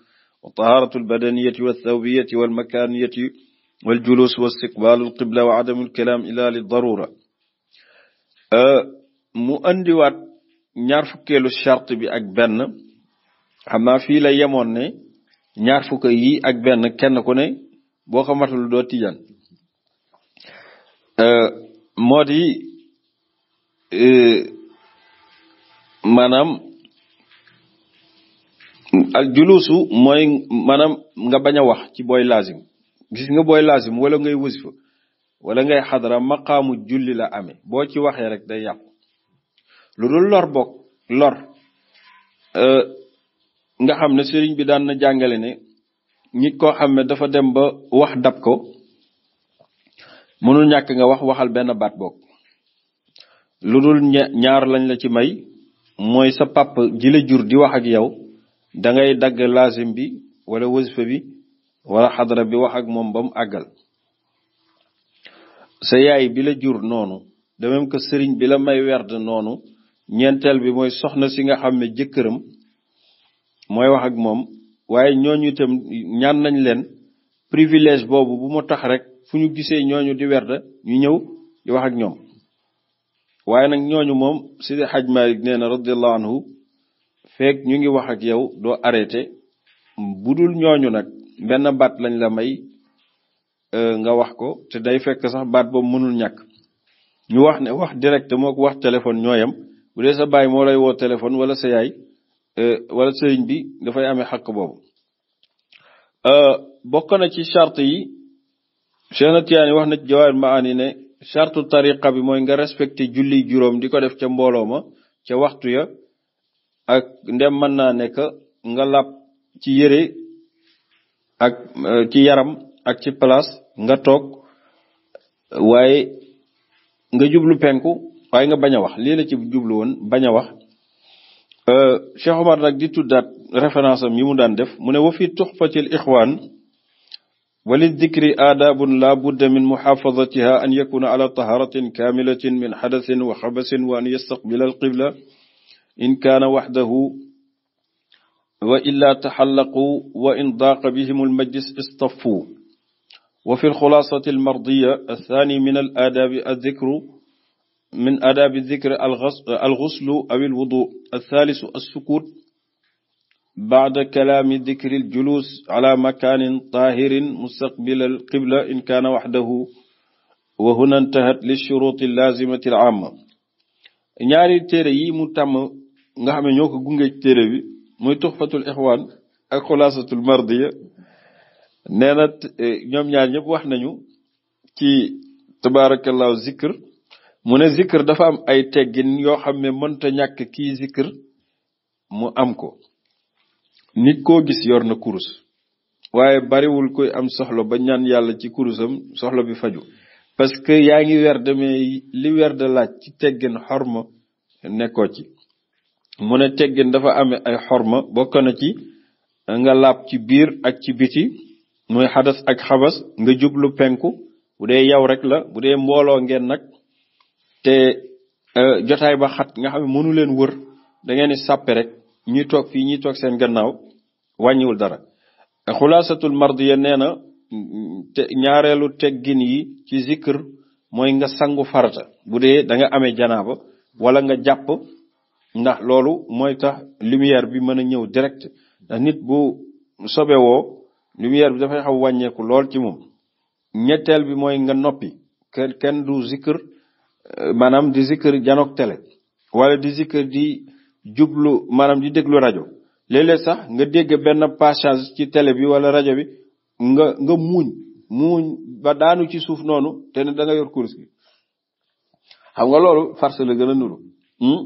wa tahaaratu albadaniyati walthawbiyati walmakaniyati waljulus wastiqbaalu alqibla wa adamu alkalaam illa li darura mu andiwaat ñaar fukkeelu charte bi ak benn xam naa fii la yemoon ne ñaar fukk yi ak benn kenn ku ne boo xamatul doo tijaan Euh, moo di euh, maanaam al julusu mooy maanaam nga bañ a wax ci booy laazim gis nga booy laazim wala ngay wasifa wala ngay xadara maqaamu julli la amee boo ci waxee rek day yàqu lu lor bokk lor euh, nga xam ne sëriñ bi daan na jàngale ne nit koo xam ne dafa dem ba wax dab ko mënul ñàkk nga wax waxal benn baat boog lu dul ñaar lañ la ci may mooy sa pàpp ji la jur di wax ak yow da ngay dagg laasim bi wala wasifa bi wala xadara bi wax ak moom ba mu àggal sa yaay bi la jur noonu de même sëriñ bi la may werd noonu ñeenteel bi mooy soxna si nga xam ne jëkkëram mooy wax ak moom waaye ñooñu itam ñaan nañ leen privilège boobu bu mu tax rek fu ñu gisee ñooñu di werda ñu ñëw di wax ak ñoom waaye nag ñooñu moom Sidi Hadj Malick nee na radiallahu anhu feek ñu ngi wax ak yow doo arrêté dul ñooñu nag benn baat lañ la may euh, nga wax ko te day fekk sax baat boobu mënul ñàkk ñu wax ne wax direct moo ko wax téléphone ñooyam bu dee sa baay moo lay woo téléphone wala sa yaay euh, wala sëriñ bi dafay amee xàq boobu euh, bokk na ci charte yi Cheikh na Tiyaani wax na ci jawaar maani ne chartu tariqa bi mooy nga respecté julli juróom di ko def ca mbooloo ma ca waxtu ya ak ndem mën naa nekk nga làpp ci yére ak euh, ci yaram ak ci place nga toog waaye nga jublu penku waaye nga bañ a wax lii la ci jublu woon bañ a wax euh, Cheikh Omar nag di tuddaat référence am yi mu daan def mu ne wa fi tuxfatil وللذكر آداب لا بد من محافظتها أن يكون على طهارة كاملة من حدث وخبث وأن يستقبل القبلة إن كان وحده وإلا تحلقوا وإن ضاق بهم المجلس اصطفوا وفي الخلاصة المرضية الثاني من الآداب الذكر من آداب الذكر الغسل أو الوضوء الثالث السكوت baada kalaami dikri ljuluus ala makaanin taahirin mustaqbila alqibla in kaana waxdahu wa huna intahat li shuruti lazimati al amma ñaari téere yi mu tàmm nga xam ne ñoo ko gungeej téere bi muy tuxfatul ixwaan ak xulaasatul mardiya nee e, ñoom ñaar ñëpp wax nañu ci tabaarakallahu zikr mu ne zikr dafa am ay teggin yoo xam ne mënta ñàkk kii zikr mu am ko nit koo gis yor na kurus waaye bariwul koy am soxla ba ñaan yàlla ci kurusam soxla bi faju parce que yaa ngi werd mais li werd laaj ci teggin xorma nekkoo ci mu ne teggin dafa amee ay xorma bokk na ci nga laab ci biir ak ci biti mooy xadas ak xabas nga jublu penku bu dee yow rek la bu dee mbooloo ngeen nag te eh, jotaay ba xat nga xam ne mënu leen wër da ngeen di sàppe rek ñuy toog fii ñuy toog seen gannaaw wàññiwul dara xulaasatul mardiya nee na te ñaareelu teggin yi ci zikr mooy nga sangu farata bu dee da nga amee janaaba wala nga jàpp ndax loolu mooy tax lumière bi mën a ñëw direct ndax nit bu sobewoo lumière bi dafay xaw wàññeeku lool ci moom ñetteel bi mooy nga noppi kenn du zikr maanaam di zikr janook tele wala di zikr di jublu maanaam di déglu rajo léeg sax nga dégg benn passage ci télé bi wala rajo bi nga nga muñ muuñ ba daanu ci suuf noonu te ne da yor kurus gi xam nga loolu farce la gën a nuru hmm?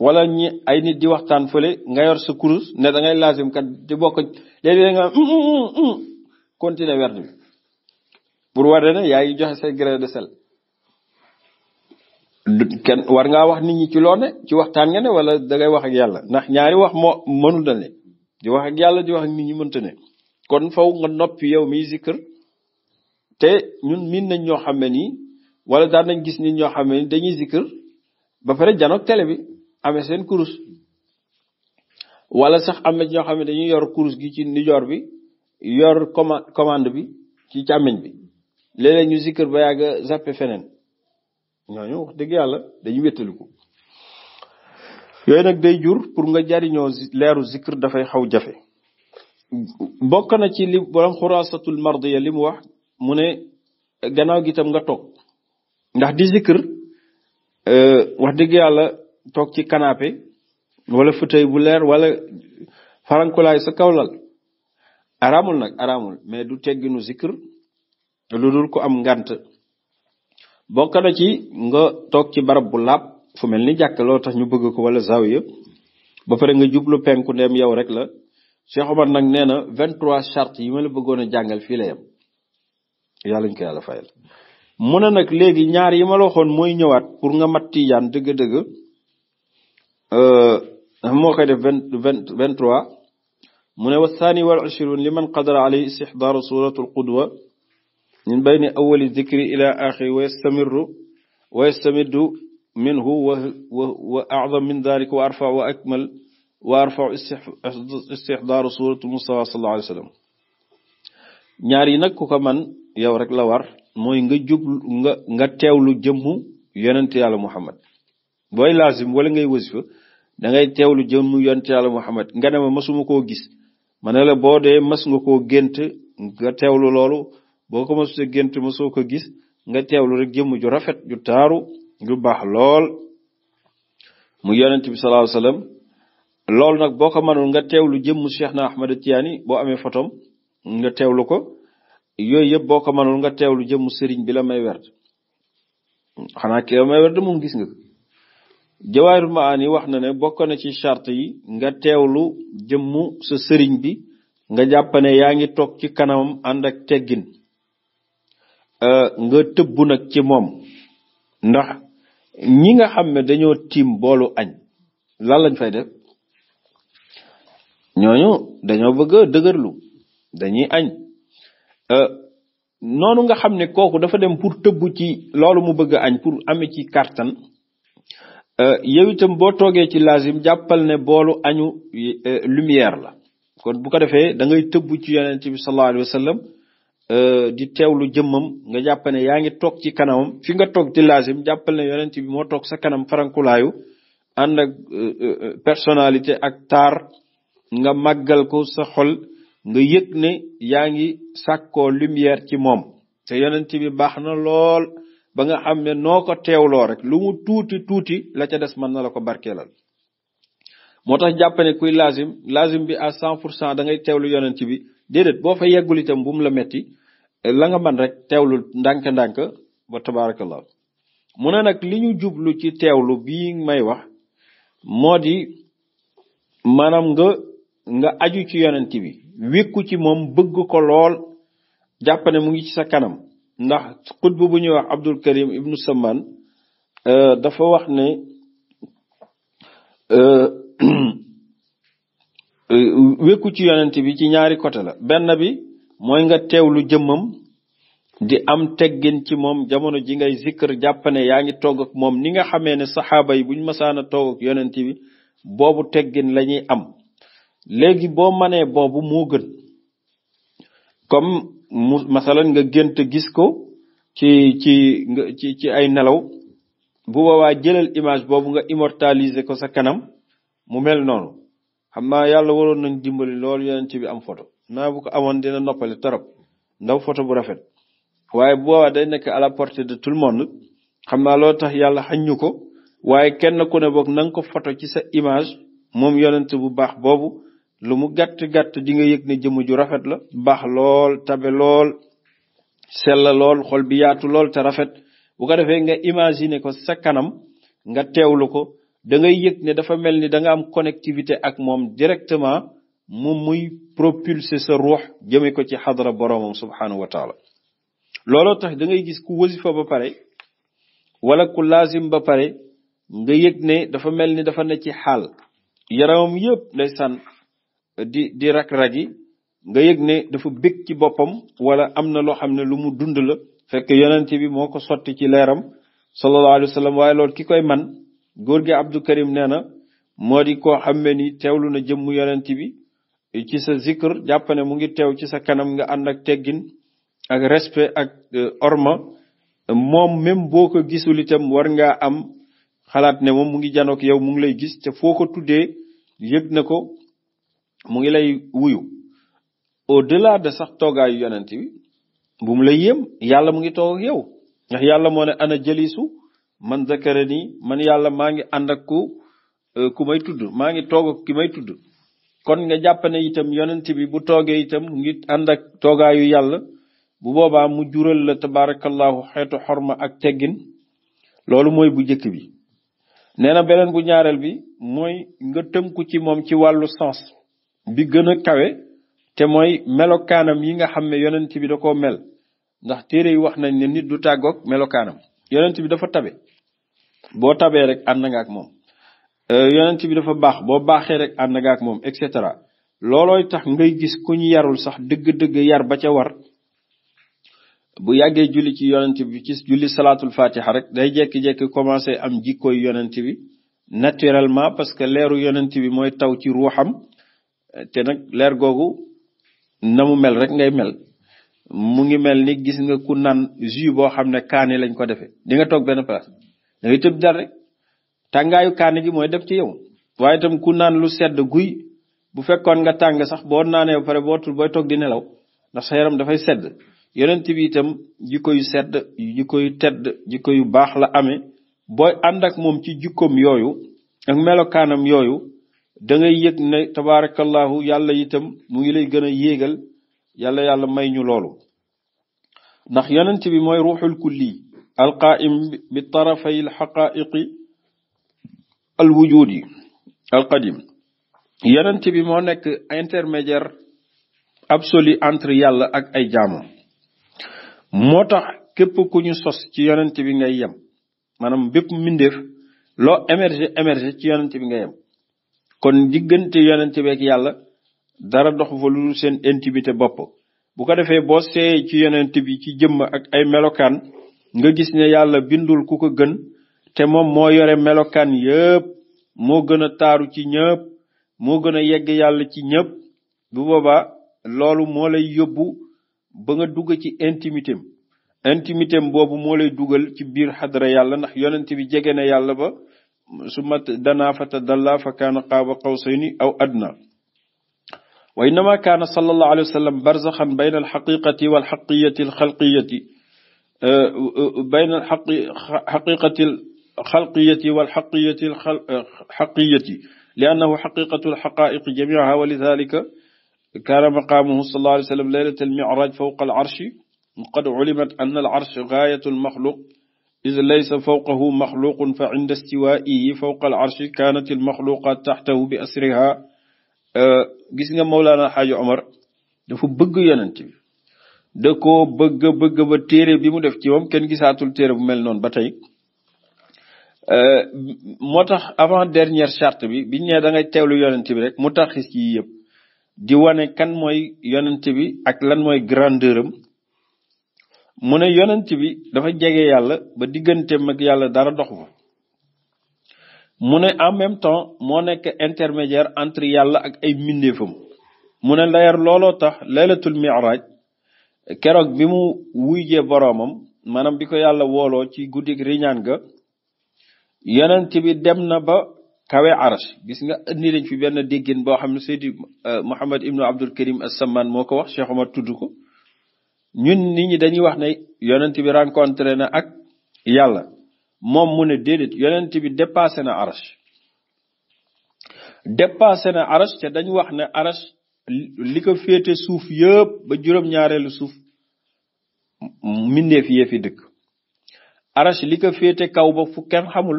wala ñi ay nit di waxtaan fële nga yor sa kurus ne da ngay laasim kat di bokk léeg-léeg nga hmm, hmm, continuer werd bi pour warde ne yaa joxe say de sel kenn war ngaa wax nit ñi ci loo ne ci waxtaan nga ne wala dangay wax ak yàlla ndax ñaari wax moo mënul na ne di wax yàlla di wax ak nit ñi mënta ne kon faw nga noppi yow miy zikr te ñun miin nañ ñoo xam ne nii wala daan nañ gis nit ñoo xam ni dañuy zikr ba pare janoog télé bi amee seen kurus wala sax am na ñoo xam ne dañuy yor kurus gi ci nijoor bi yor commande bi ci càmmiñ bi léeg ñu zikr ba yàgg zappe feneen ñooñu wax dëgg yàlla dañu wéttaliku yooyu nag day jur pour nga jariñoo leeru zikr dafay xaw jafe bokk na ci li borom xuraasatul li mu wax mu ne gannaaw gi itam nga toog ndax di zikr euh, wax dëgg yàlla toog ci canapé wala fauteuil bu leer wala farankulaay sa kaw lal araamul nag araamul mais du tegginu zikr lu dul ko am ngant bokk na ci nga toog ci barab bu làpp fu mel ni jàkkaloo tax ñu bëgg ko wala zawiya ba pare nga jublu penku ndeem yow rek la Cheikh Omar nag nee na vingt trois chartes yi ma la bëggoon a jàngal fii la yem yàlla ñu ko yàlla fayal mu ne nag léegi ñaar yi ma la waxoon mooy ñëwaat pour nga mat tiijaan dëgg-dëgg euh, moo koy def vingt vingt vingt trois mu ne wasaani wal ashrun liman qadara alayhi istixdaaru suratul min bayni awali dikri ila axiri wa yastamirru wa yastamiddu minhu wa acdam min dalik wa arfa wa akmal wa arfa istixdaaru suratul mustafa sallallahu alayhi wa sallam ñaar yi nag ku ko man yow rek la nga jublu nga nga teewlu jëmmu yonent yàlla muhammad booy laazim wala ngay wasifa da ngay teewlu jëmmu yonent yàlla muhammad nga ne ma masuma koo gis ma ne la boo dee mas nga koo gént nga teewlu loolu boo ko mosut a gént mosoo ko gis nga teewlu rek jëmm ju rafet ju taaru ju baax lool mu yonent bi sallallahu alayhi wasallam loolu nag boo ko mënul nga teewlu jëmm Cheikh na Ahmad Tiyaani boo amee fotom nga teewlu ko yooyu yëpp boo ko mënul nga teewlu jëmm sëriñ bi la may werd xanaa ki la may werd moom gis nga ko Jawaahirul wax na ne bokk na ci charte yi nga teewlu jëmmu sa sëriñ bi nga jàpp ne yaa ngi toog ci kanamam ànd ak teggin Euh, nga tëbb nag ci moom ndax ñi nga xam ne dañoo tiim boolu añ lan lañ fay def ñooñu dañoo bëgg a dëgërlu dañuy añ euh, noonu nga xam ne kooku dafa dem pour tëbb ci loolu mu bëgg añ pour ame ci kartan euh, yow itam boo toogee ci lazim jàppal ne boolu añu lumière la kon bu ko defee dangay ngay tëbb ci yonent bi sallallahu alayhi wa Euh, di teew lu jëmmam nga jàpp ne yaa ngi toog ci kanamam fi nga toog di lazim jàppal ne yonent bi moo toog sa kanam farankulaayu ànd ak euh, euh, personnalité ak taar nga màggal ko sa xol nga yëg ne yaa ngi sàkkoo lumière ci moom te yonent bi baax na lool ba nga am ne noo ko teewloo rek lu tuuti tuuti la ca des mën na la ko barkeelal moo tax jàpp ne kuy lazim lazim bi à cent pour cent dangay ngay teewlu yonent bi déedéet boo fa yeggul itam bu mu la metti la nga man rek teewlu ndànk-ndànk ba tabaarakallah mu ne nag li ñu jublu ci teewlu bii may wax moo di maanaam nga nga aju ci yonent bi wékku ci moom bëgg ko lool jàppane mu ngi ci sa kanam ndax xutbu bu ñuy wax Abdul Karim ibnu Saman euh, dafa wax ne euh, Euh, wékku ci yonent bi ci ñaari côté la benn bi mooy nga teew lu jëmmam di am teggin ci moom jamono ji ngay zikkër jàpp yaa ngi toog moom ni nga xamee ne saxaaba yi buñ masaan a toog ak yonent bi boobu teggin lañuy am léegi boo manee boobu moo gën comme mu masalan nga gént gis ko ci ci ci ci ay nelaw bu boobaa jëlal image boobu nga immortaliser ko sa kanam mu mel noonu xam naa yàlla waroon nañ dimbali loolu yonent bi am photo naa bu ko amoon dina noppale torop ndaw foto bu rafet waaye boobaa day nekk à la portée de tout le monde xam naa loolu tax yàlla xaññu ko waaye kenn ku ne boog na ko foto ci sa image moom yonent bu baax boobu lu mu gàtt gàtt di nga yëg ne jëmm ju rafet la baax lool tabe lool sell lool xol bi yaatu lool te rafet bu ko defee nga imaginer ko sa kanam nga teewlu ko da ngay yëg ne dafa mel ni danga am connectivité ak moom directement mu muy propulser sa ruux jëme ko ci xadara boroomam subhanahu wa taala looloo tax dangay gis ku wasifa ba pare wala ku laazim ba pare nga yëg ne dafa mel ni dafa ne ci xaal yaramam yëpp ndeysaan di di rag-rag nga yëg ne dafa bég ci boppam wala am na loo xam ne lu mu dund la fekk yonent bi moo ko sotti ci leeram sallallahu waaye loolu ki koy man góor gi Abdou Karim nee na moo di ko xam ne ni teewlu na jëmmu yonent bi ci sa zikr jàpp mu ngi teew ci sa kanam nga ànd ak teggin ak respect ak euh, orma moom même boo ko gisul itam war ngaa am xalaat ne moom mu ngi janook yow mu ngi lay gis te foo ko tuddee yëg na ko mu ngi lay wuyu au delà de sax toogaayu yonent bi bu lay yéem yàlla mu ngi toog ak yow ndax yàlla moo ne ana jëlisu man zakara ni man yàlla maa ngi ànd ak ku euh, ku may tudd maa ngi toog ak ki may tudd kon nga jàppane itam yonent bi bu toogee itam ngi ànd ak toogaayu yàlla bu boobaa mu jural la tabaarakallahu xeetu xor ma ak teggin loolu mooy bu jëkk bi nee na beneen bu ñaareel bi mooy nga tënku ci moom ci wàllu sens bi gën a kawe te mooy melokaanam yi nga xam ne yonent bi da ko mel ndax téere yi wax nañ ne nit du tàggoog melokaanam yonent bi dafa tabe boo tabee rek ànd nga ak moom euh, yonent bi dafa baax boo baaxee rek ànd nga ak moom et cetera loolooy tax ngay gis ku ñu yarul sax dëgg-dëgg yar ba ca war bu yàggee julli ci yonent bi ci julli salaatul fatiha rek day jekki-jekki commencé am jikkooy yonent bi naturellement parce que leeru yonent bi mooy taw ci ruuxam te nag leer googu na mu mel rek ngay mel mu ngi mel ni gis nga ku naan jus boo xam ne kaani lañ ko defee di nga toog benn place da ngay tëb dal tàngaayu kaani gi mooy def ci yow waaye itam ku naan lu sedd guy bu fekkoon nga tàng sax boo naanee ba pare boo tul booy toog di nelaw ndax sa yaram dafay sedd yonent bi itam jikko yu sedd jikko yu tedd jikko yu baax la amee booy ànd ak moom ci jikkoom yooyu ak melokaanam yooyu dangay ngay yëg ne tabaarakallahu yàlla itam mu ngi lay gën a yéegal yàlla yàlla may ñu loolu ndax yonent bi mooy ruuxul kulli alqaim bi tarafay alxaqaiqi alwujudi alqadim yonent bi moo nekk intermédiaire absolu entre yàlla ak ay jaamam moo tax képp ku ñu sos ci yonent bi ngay yem maanaam bépp mbindeef loo émerger émerger ci yonent bi nga yem kon diggante yonent bi ak yàlla dara dox fa lu seen intimité bopp bu ko defee boo seeyee ci yonent bi ci jëmm ak ay melokaan nga gis ne yàlla bindul ku ko gën te moom moo yore melokaan yëpp moo gën a taaru ci ñëpp moo gën a yegg yàlla ci ñëpp bu boobaa loolu moo lay yóbbu ba nga dugg ci intimitém intimitém boobu moo lay dugal ci biir xadara yàlla ndax yonent bi jege na yàlla ba su mat danaa fata dalla fa kaana qaaba qawsayni aw adna wa innama kaana sallallahu alayhi wa sallam barzaxan bayna alxaqiqati walxaqiyati alxalqiyati bayna xaqiqati xalqiyati wal xaqiyati xaqiyati li annahu xaqiqatu lxaqaiqi jamiaha wa lidalika kaana maqaamuhu sallallahu alayhi wa sallam laylat almiraj fawqa alarshi qad ulimat anna alarsh gaayatu almaxluq id laysa fawqahu maxluqun fa inda istiwaihi fawqa alarshi kaanat almaxluqat taxtahu bi asriha gis nga Mawlaana Xaaji Omar dafa bëgg yonent bi da ko bëgg bëgg ba téere bi mu def ci moom kenn gisaatul téere bu mel noonu ba tey euh, moo tax avant dernière charte bi biñ ne da ngay teewlu yonent bi rek mu tarxis yi yëpp di wane kan mooy yonent bi ak lan mooy grandeur am mu ne yonent dafa jege yàlla ba digganteem ak yàlla dara doxu mu ne en même temps moo nekk intermédiaire entre yàlla ak ay mbindeefam mu ne leer looloo tax laylatul mi'raj keroog bi mu wuyjee boroomam maanaam bi ko yàlla wooloo ci guddik riñaan ga yonent bi dem na ba kawee arsh gis nga indi dañ fi benn déggin boo xam ne Seydi euh, Mouhamed ibnu Abdul Karim As-Samman moo ko wax Cheikh Omar tudd ko ñun nit ñi dañuy wax ne yonent bi rencontré na ak yàlla moom mu ne déedéet yonent bi dépasé na arsh dépassé na arsh te dañu wax ne arsh li ko féete suuf yëpp ba juróom-ñaareelu suuf mbindeef yee fi dëkk arash li ko féete kaw ba fu kenn xamul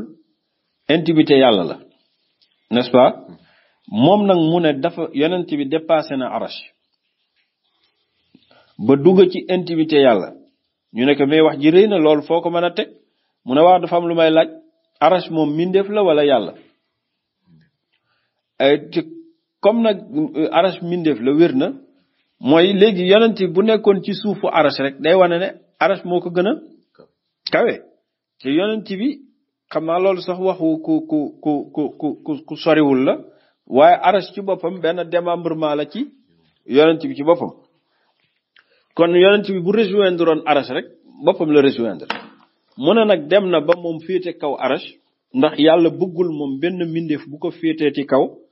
intimité yàlla la n'est-ce pas moom nag mu dafa yonent bi dépassé na arash ba dugg ci intimité yàlla ñu ne ko mais wax ji rëy na loolu foo ko mën a teg mu ne wax dafa am lu may laaj arash moom mbindeef la walla yàlla comme nag euh, arash mbindeef la wér na mooy léegi yonent bu nekkoon ci suufu arash rek day wane ne arash moo ko gën a kawe te yonent bi xam naa loolu sax waxu ku ku ku ku ku soriwul la waaye arash ci boppam benn démembrement la ci yonent bi ci boppam kon yonent bi bu rejoindre woon arash rek boppam la rejoindre mu ne nag dem na ba moom féete kaw arash ndax yàlla buggul moom benn mbindeef bu ko féetee ci kaw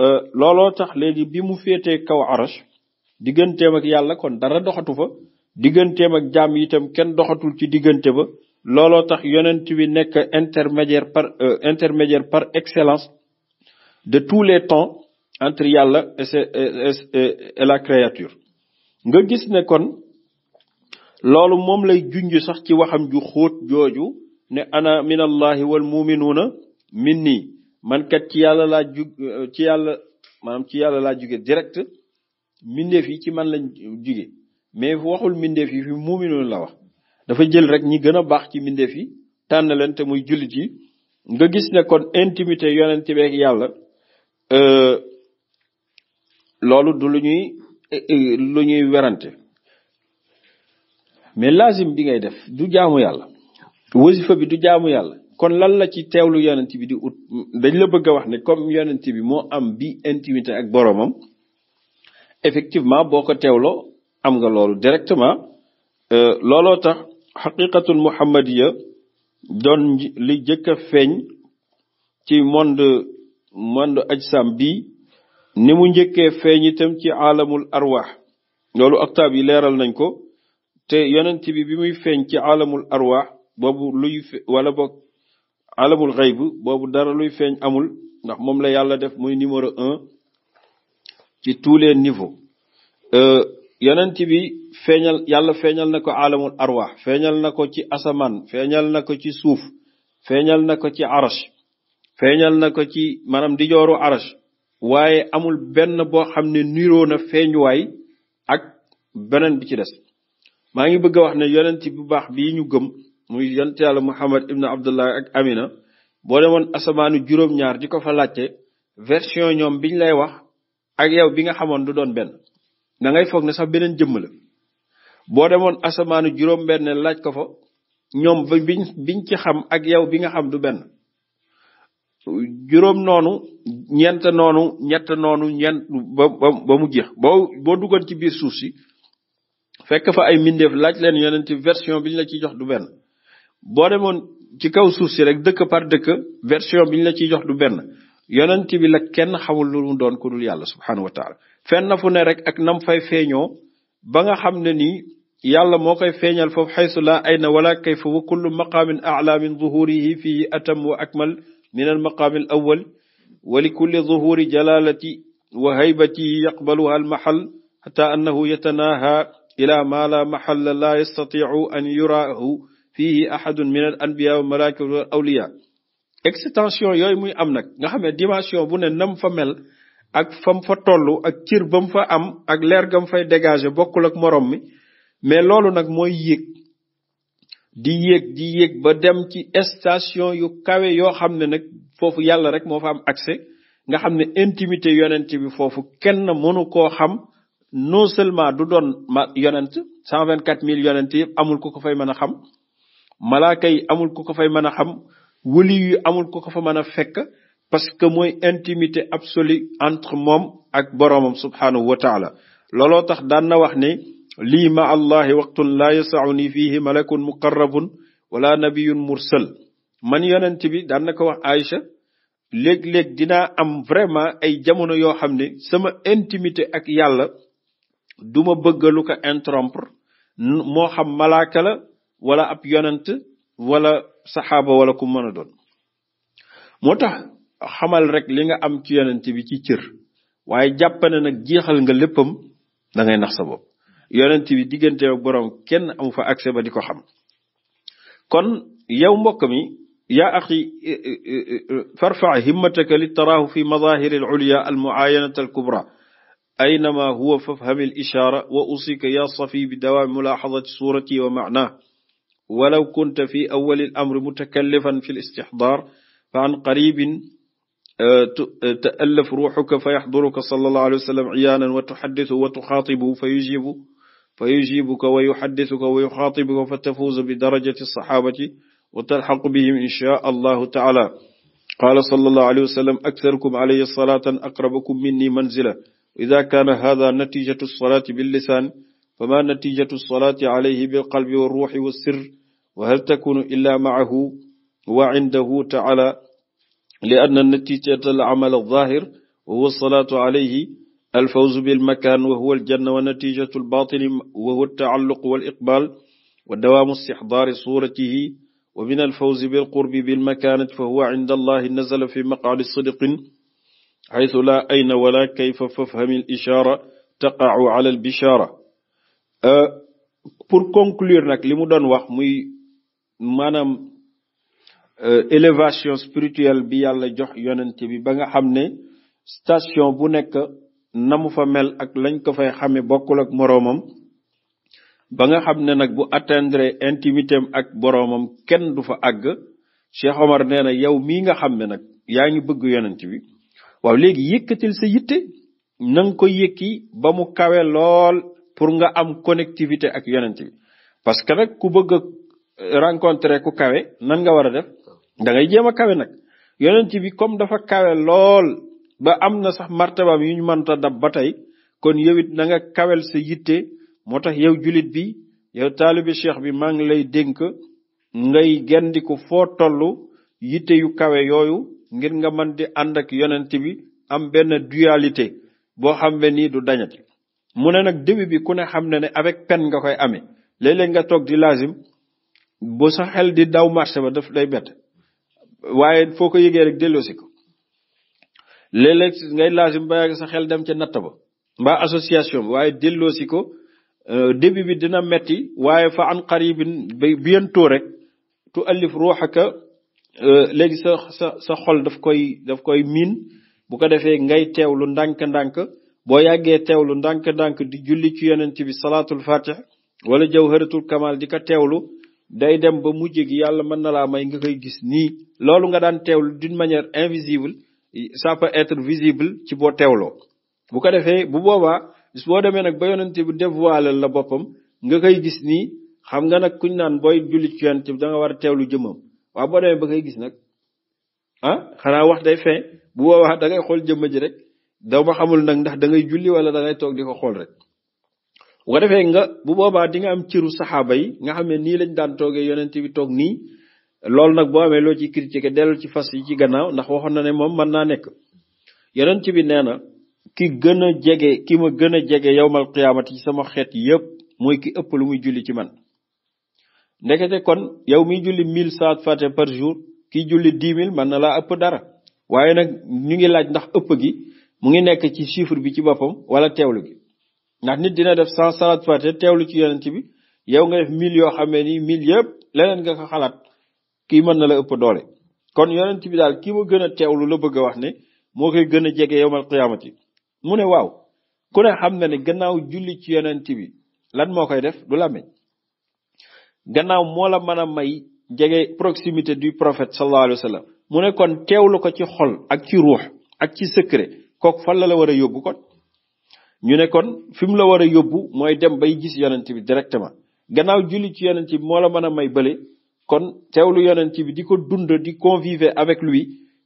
Euh, looloo tax léegi bi mu féetee kaw arash digganteem ak yàlla kon dara doxatu fa digganteem ak jàmm yi itam kenn doxatul ci diggante ba looloo tax yonent bi nekk intermédiaire par euh, intermédiaire par excellence de tous les temps entre yàlla et la créature nga gis ne kon loolu moom lay junj sax ci waxam ju xóot jooju ne ana min allahi wal muminuuna min nii man kat ci yàlla laa jug euh, ci yàlla maanaam ci yàlla laa juge direct mbindeef yi ci man lañ juge mais waxul mbindeef yi fi muuminoon la wax dafa jël rek ñi gën a baax ci mbindeef yi tànn leen te muy jullit yi nga gis ne kon intimité yonent beeg yàlla euh, loolu du lu ñuy euh, lu ñuy werante mais lazim bi ngay def du jaamu yàlla wasifa bi du jaamu yàlla kon lan la ci teewlu yonent bi di ut dañ la bëgg a wax ne comme yonent bi moo am bi intimité ak boroomam effectivement boo ko teewloo am nga loolu directement euh, looloo tax xaqiqatul muhammadiya doon li jëkk a feeñ ci monde monde ajsam bi ni mu njëkkee feeñ itam ci aalamul arwaax loolu octave yi leeral nañ ko te yonent bi bi muy feeñ ci aalamul arwaax boobu luy wala boog alamul xëyb boobu dara luy feeñ amul ndax moom la yàlla def muy numéro un ci tous les niveaux euh, yonent bi feeñal yàlla feeñal na ko alamul arwah feeñal na ko ci asamaan feeñal na ko ci suuf feeñal na ko ci arash feeñal na ko ci maanaam di jooru arash waaye amul benn boo xam ne niroo na feeñuwaay ak beneen bi ci des maa ngi bëgg wax ne yonent bu baax bii ñu gëm muy yont yàlla Muhammad ibn Abdullah ak Amina boo demoon asamaanu juróom-ñaar di ko fa laajte version ñoom biñ lay wax ak yow bi nga xamoon du doon benn da ngay foog ne sax beneen jëmm la boo demoon asamaanu juróom-benn laaj ko fa ñoom biñ biñ ci xam ak yow bi nga xam du benn juróom noonu ñeent noonu ñett noonu ñeent ba ba mu jeex boo boo duggoon ci biir suuf si fekk fa ay mindeef laaj leen yonent version biñ la ci jox du benn boo demoon ci kaw suuf si rek dëkk par dëkk version bi ñu la ciy jox du benn yonent bi la kenn xamul lu doon ku dul yàlla subhaanahu wa taala fenn fu ne rek ak nam fay feeñoo ba nga xam ne ni yàlla moo koy feeñal foofu xaysu laa ayna wala kayfa wa kullu maqaamin ala min zuhurihi fihi atam wa akmal min al maqaami al awal wa li kulli zuhuri jalalati wa haybati yaqbaluha al mahal xata annahu yatanaha ila ma la mahalla la an yuraahu fiihi ahadun min al anbiya wa malaaka wal yooyu muy am nag nga xam ne dimension bu ne nam fa mel ak fam fa tollu ak cir ba mu fa am ak leer gam fay dégager bokkul ak morom mi mais loolu nag mooy yéeg di yéeg di yéeg ba dem ci station yu kawe yoo xam ne nag foofu yàlla rek moo fa am accès nga xam ne intimité yonent bi foofu kenn mënu koo xam non seulement du doon ma yonent cent vingt quatre mille yonent yëpp amul ku ko fay mën a xam malaaka yi amul ku ko fay mën a xam wali yi amul ku ko fa mën a fekk parce que mooy intimité absolue entre moom ak boroomam subhaanahu wa taala looloo tax daan na wax ne lii ma allahi waqtun laa yasaau ni fihi malakun muqarrabun wala nabiyun mursal man yonent bi daan na ko wax Aïcha léeg-léeg dinaa am vraiment ay jamono yoo xam ne sama intimité ak yàlla duma bëgg lu ko interrompre xam malaaka la wala ab yonent wala saxaaba wala ku mën a doon moo tax xamal rek li nga am ci yonent bi ci cër waaye jàpp ne nag jeexal nga léppam da ngay nax sa bopp yonent bi diggante ak boroom kenn amu fa accès ba di ko xam kon yow mbokk mi yaa axi eh, eh, eh, farfa himmataka li taraahu fi madahiri al ulya al muayanat al kubra aynama huwa fafham al ishara wa usika ya safi bi dawaami mulahadati surati wa maanaa walaw kunta fi awali al amri mutakallifan fi l istixdaar fa an qaribin تألف روحك فيحضرك صلى الله عليه وسلم عيانا وتحدث وتخاطبه فيجيب فيجيبك ويحدثك ويخاطبك فتفوز بدرجة الصحابة وتلحق بهم إن شاء الله تعالى قال صلى الله عليه وسلم أكثركم علي صلاة أقربكم مني منزلة إذا كان هذا نتيجة الصلاة باللسان فما نتيجة الصلاة عليه بالقلب والروح والسر wa hal takunu illa maahu wa indahu taala li anna natijata al amal al zahir wa huwa alsalaatu alayhi alfawzu bilmakan wa huwa aljanna wa natijatu albatini wa huwa altaalluq waliqbal wa dawaamu istixdaari suratihi wa min alfawzi bilqurbi bilmakanati fa huwa inda allahi nazala fi maqaadi sidqin xaytu laa ayna wala kayfa fafhami al-ishaara taqa'u ala al-bishaara pour conclure nag li mu doon wax muy maanaam euh, élévation spirituelle bi yàlla jox yonent bi ba nga xam ne station bu nekk na mu fa mel ak lañ ko fay xame bokkul ak moroomam ba nga xam ne nag bu atteindre intimité ak boroomam kenn du fa àgg Cheikh Omar nee na yow mii nga xam ne nag yaa ngi bëgg yonent bi waaw léegi yëkkatil sa yitte na ko yëkki ba mu kawe lool pour nga am connectivité ak yonent bi parce que ku bëgg rencontré ku kawe nan nga war a def da ngay jéem a kawe nag yonent bi comme dafa kawe lool ba am na sax martabam yu ñu mënta dab ba tey kon yowit it na nga kawel sa yitte moo tax yow julit bi yow taalibi cheikh bi maa ngi lay dénk ngay gendiku foo toll yitte yu kawe yooyu ngir nga man di ànd ak yonent bi am benn dualité boo xam ne nii du dañati mu ne nag début bi ku ne xam ne ne avec peine nga koy amee léeg-léeg nga toog di lazim boo sa xel di daw marché ba daf day bett waaye foo ko yëgee rek delloosi ko léeg ngay laajum ba sa xel dem ca natt ba mbaa association waaye delloosi ko euh, début bi dina metti waaye fa an qaribin bientôt rek tu allif ruuxaka euh, léegi sa sa sa xol daf koy daf koy miin bu ko defee ngay teewlu ndànk-ndànk boo yàggee teewlu ndànk-ndànk di julli ci yeneen ci bi salaatul fatih wala jawharatul kamal di ko teewlu day dem ba mujj gi yàlla mën na laa may nga koy gis nii loolu nga daan teewlu d'une manière invisible ça peut être visible ci boo teewloo bu ko defee bu boobaa bis boo demee nag ba yonente bu dévoilé la boppam nga koy gis nii xam nga nag kuñ naan booy julli ci yonente bi da nga war a teewlu jëmmam waa boo demee ba koy gis nag ah xanaa wax day feeñ bu boobaa da ngay xool jëmma ji rek dama xamul nag ndax dangay julli wala da toog di ko xool rek bu ko defee nga bu boobaa di nga am ciru saxaaba yi nga xamee nii lañ daan toogee yonent bi toog nii loolu nag boo amee loo ci critiqué dellu ci fas yi ci gannaaw ndax waxoon na ne moom mën naa nekk yonent bi nee na ki gën a jege ki ma gën a jege yowmal qiyaamati ci sama xeet yépp mooy ki ëpp lu muy julli ci man ndekete kon yow miy julli mille salaat fate par jour ki julli dix mille mën na laa ëpp dara waaye nag ñu ngi laaj ndax ëpp gi mu ngi nekk ci chiffre bi ci boppam wala teewlu gi ndax nit dina def cent salaat fatiha teewlu ci yonent bi yow nga def mille yoo xamee ni mille yëpp leneen nga ko xalaat kii mën na la ëpp doole kon yonent bi daal ki mu gën a teewlu la bëgg a wax ne moo koy gën a jege yowmal qiyaamati mu ne waaw ku ne xam na ne gannaaw julli ci yonent bi lan moo koy def lu la làmmiñ gannaaw moo la mën a may jege proximité du prophète sallallahu alayhi wa mu ne kon teewlu ko ci xol ak ci ruux ak ci secret kooku fan la la war a yóbbu kon ñu ne kon fi mu la war a yóbbu mooy dem bay gis yonent bi directement gannaaw julli ci yonent bi moo la mën a may bale kon teewlu yonent bi di ko dund di conviver avec lui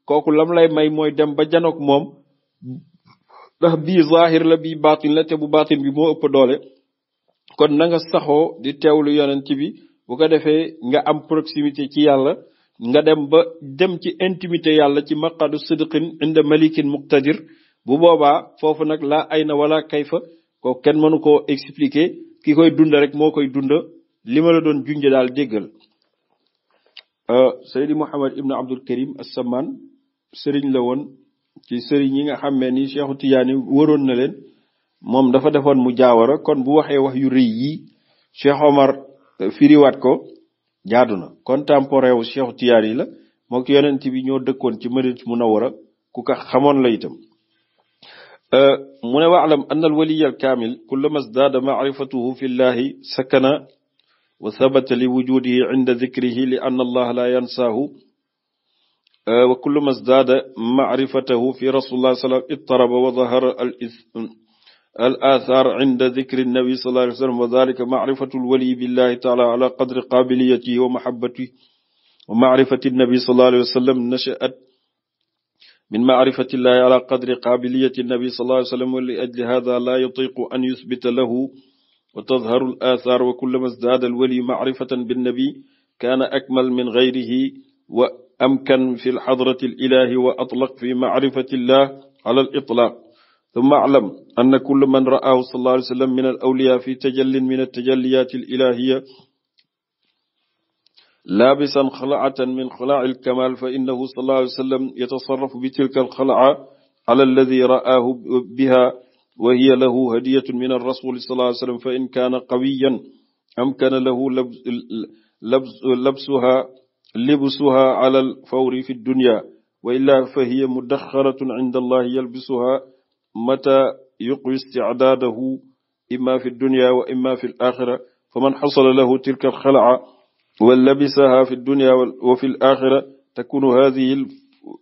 kooku lam lay may mooy dem ba janook moom dax biir zahir la bii baatin la te bu baatin bi moo ëpp doole kon nanga nga saxoo di teewlu yonent bi bu ko defee nga am proximité ci yàlla nga dem ba dem ci intimité yàlla ci maqadu sidqin inda malikin muqtadir bu boobaa foofu nag la ay na wala kayfa ko kenn mënu koo expliquer ki koy dund rek moo koy dund li ma la doon junj daal déggal euh, Seydi Mouhamed Ibn Abdul Karim As-Samman sëriñ la woon ci sëriñ yi nga xam ne ni Cheikhu Tidiane waroon na leen moom dafa defoon mu jaawara kon bu waxee wax yu rëy yi Cheikh Omar euh, firiwaat ko jaadu na contemporain wu Cheikhu Tidiane yi la mook yonent bi ñoo dëkkoon ci Madinatu Munawwara ku ko xamoon la itam mu ne waalam anna alwaliya alkaamil kullama zdaada maarifatuhu fi llahi sakana wa sabata li wujudihi inda dikrihi li anna allaha la yansaahu wa kullama zdaada maarifatahu fi rasulillah sallam ittaraba wa zahara al athar inda dikri nabi sallallahu alayhi wa sallam wa dalika maarifatu alwali billahi taala ala qadri qabiliyatihi wa mahabbatihi wa maarifati nabi sallallahu alayhi wa sallam nashaat min maarifatillahi ala qadri qabiliyati nabi sallallahu alayhi wa sallam wa li ajli hada la yutiqu an yusbita lahu wa tadharu al athar wa kullama zdaada al wali maarifatan binnabi kaana akmal min gayrihi wa amkan fi lxadrati alilahi wa atlaq fi maarifatillah ala al itlaq ثم اعلم أن كل من رآه صلى الله عليه وسلم من الأولياء في تجل من التجليات الإلهية laabisan xalaatan min xalaa ilkamal fa innahu sallallahu alayhi wa sallam yatasarrafu bi tilka alxalaa ala alladi ra'aahu biha wa hiya lahu hadiyatun min arrasuli sallallahu alayhi wa sallam fa in kaana qawiyan amkana lahu labsuha libsuha ala alfawri fi dunya wa illaa fa hiya mudaxaratun inda allahi yalbisuha mata yuqwi isticdaadahu imma fi dunya wa imma fi alaxira fa man xasala lahu tilka alxalaa wa labisaha fi dunya wa fi alaxira takunu hadihi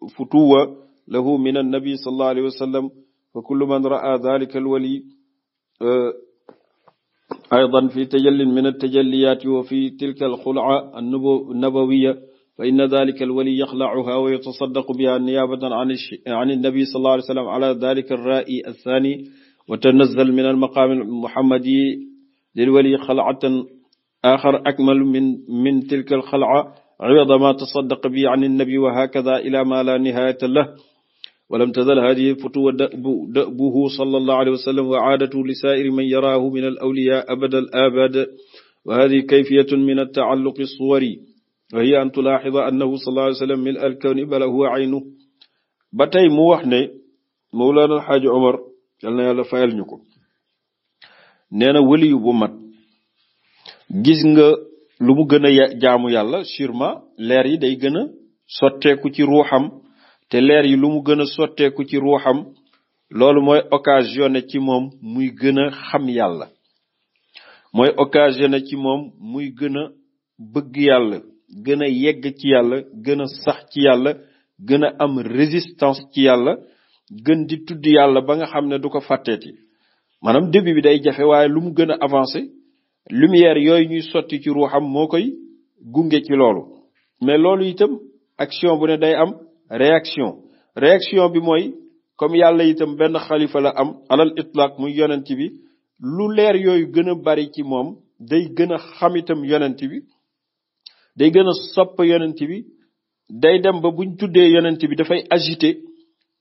alfutuwa lahu min annabi sallallahu alayhi wa sallam fa kullu man raa dalika alwali aydan fi tajallin min altajalliyaati wa fi tilka alxulca annabawiya fa inna dalika alwali yaxlacuha wa yatasaddaqu biha niyabatan an annabi sallallahu alayhi wa sallam ala dalika alraai althani wa tanazal min almaqaami almuhammadi lilwali xalcatan axar akmalu min min tilka al xalaa iwada ma tasaddaqa bi an annabi wa hakada ila ma la nihayata lah walam tazal hadihi futuwa dabu dabuhu sallallahu alayhi wa sallam wa aadatu li saairi man yaraahu min al awliya abada al abad wa hadihi kayfiyatun min altaalluq suwari wa hiya an tulaaxida annahu sallallahu alayhi wa sallam mil al kawni bala huwa aynu ba tey mu wax ne Mawlana Alxaaji Omar yal na yàlla fayal ñu ko nee na waliyu bu mat gis nga lu mu gën a jaamu yàlla sûrement leer yi day gën a sotteeku ci ruuxam te leer yi lu mu gën a sotteeku ci ruuxam loolu mooy occasionné ci moom muy gën a xam yàlla mooy occasionné ci moom muy gën a bëgg yàlla gën a yegg ci yàlla gën a sax ci yàlla gën a am résistance ci yàlla gën di tudd yàlla ba nga xam ne du ko fàtteeti maanaam début bi day jafe waaye lu mu gën a avancé lumière yooyu ñuy sotti ci ruuxam moo koy gunge ci loolu mais loolu itam action bu ne day am réaction réaction bi mooy comme yàlla itam benn xalifa la am alal itlaq muy yonent bi lu leer yooyu gën a bari ci moom day gën a xam itam yonent bi day gën a sopp yonent bi day dem ba buñ tuddee yonent bi dafay agité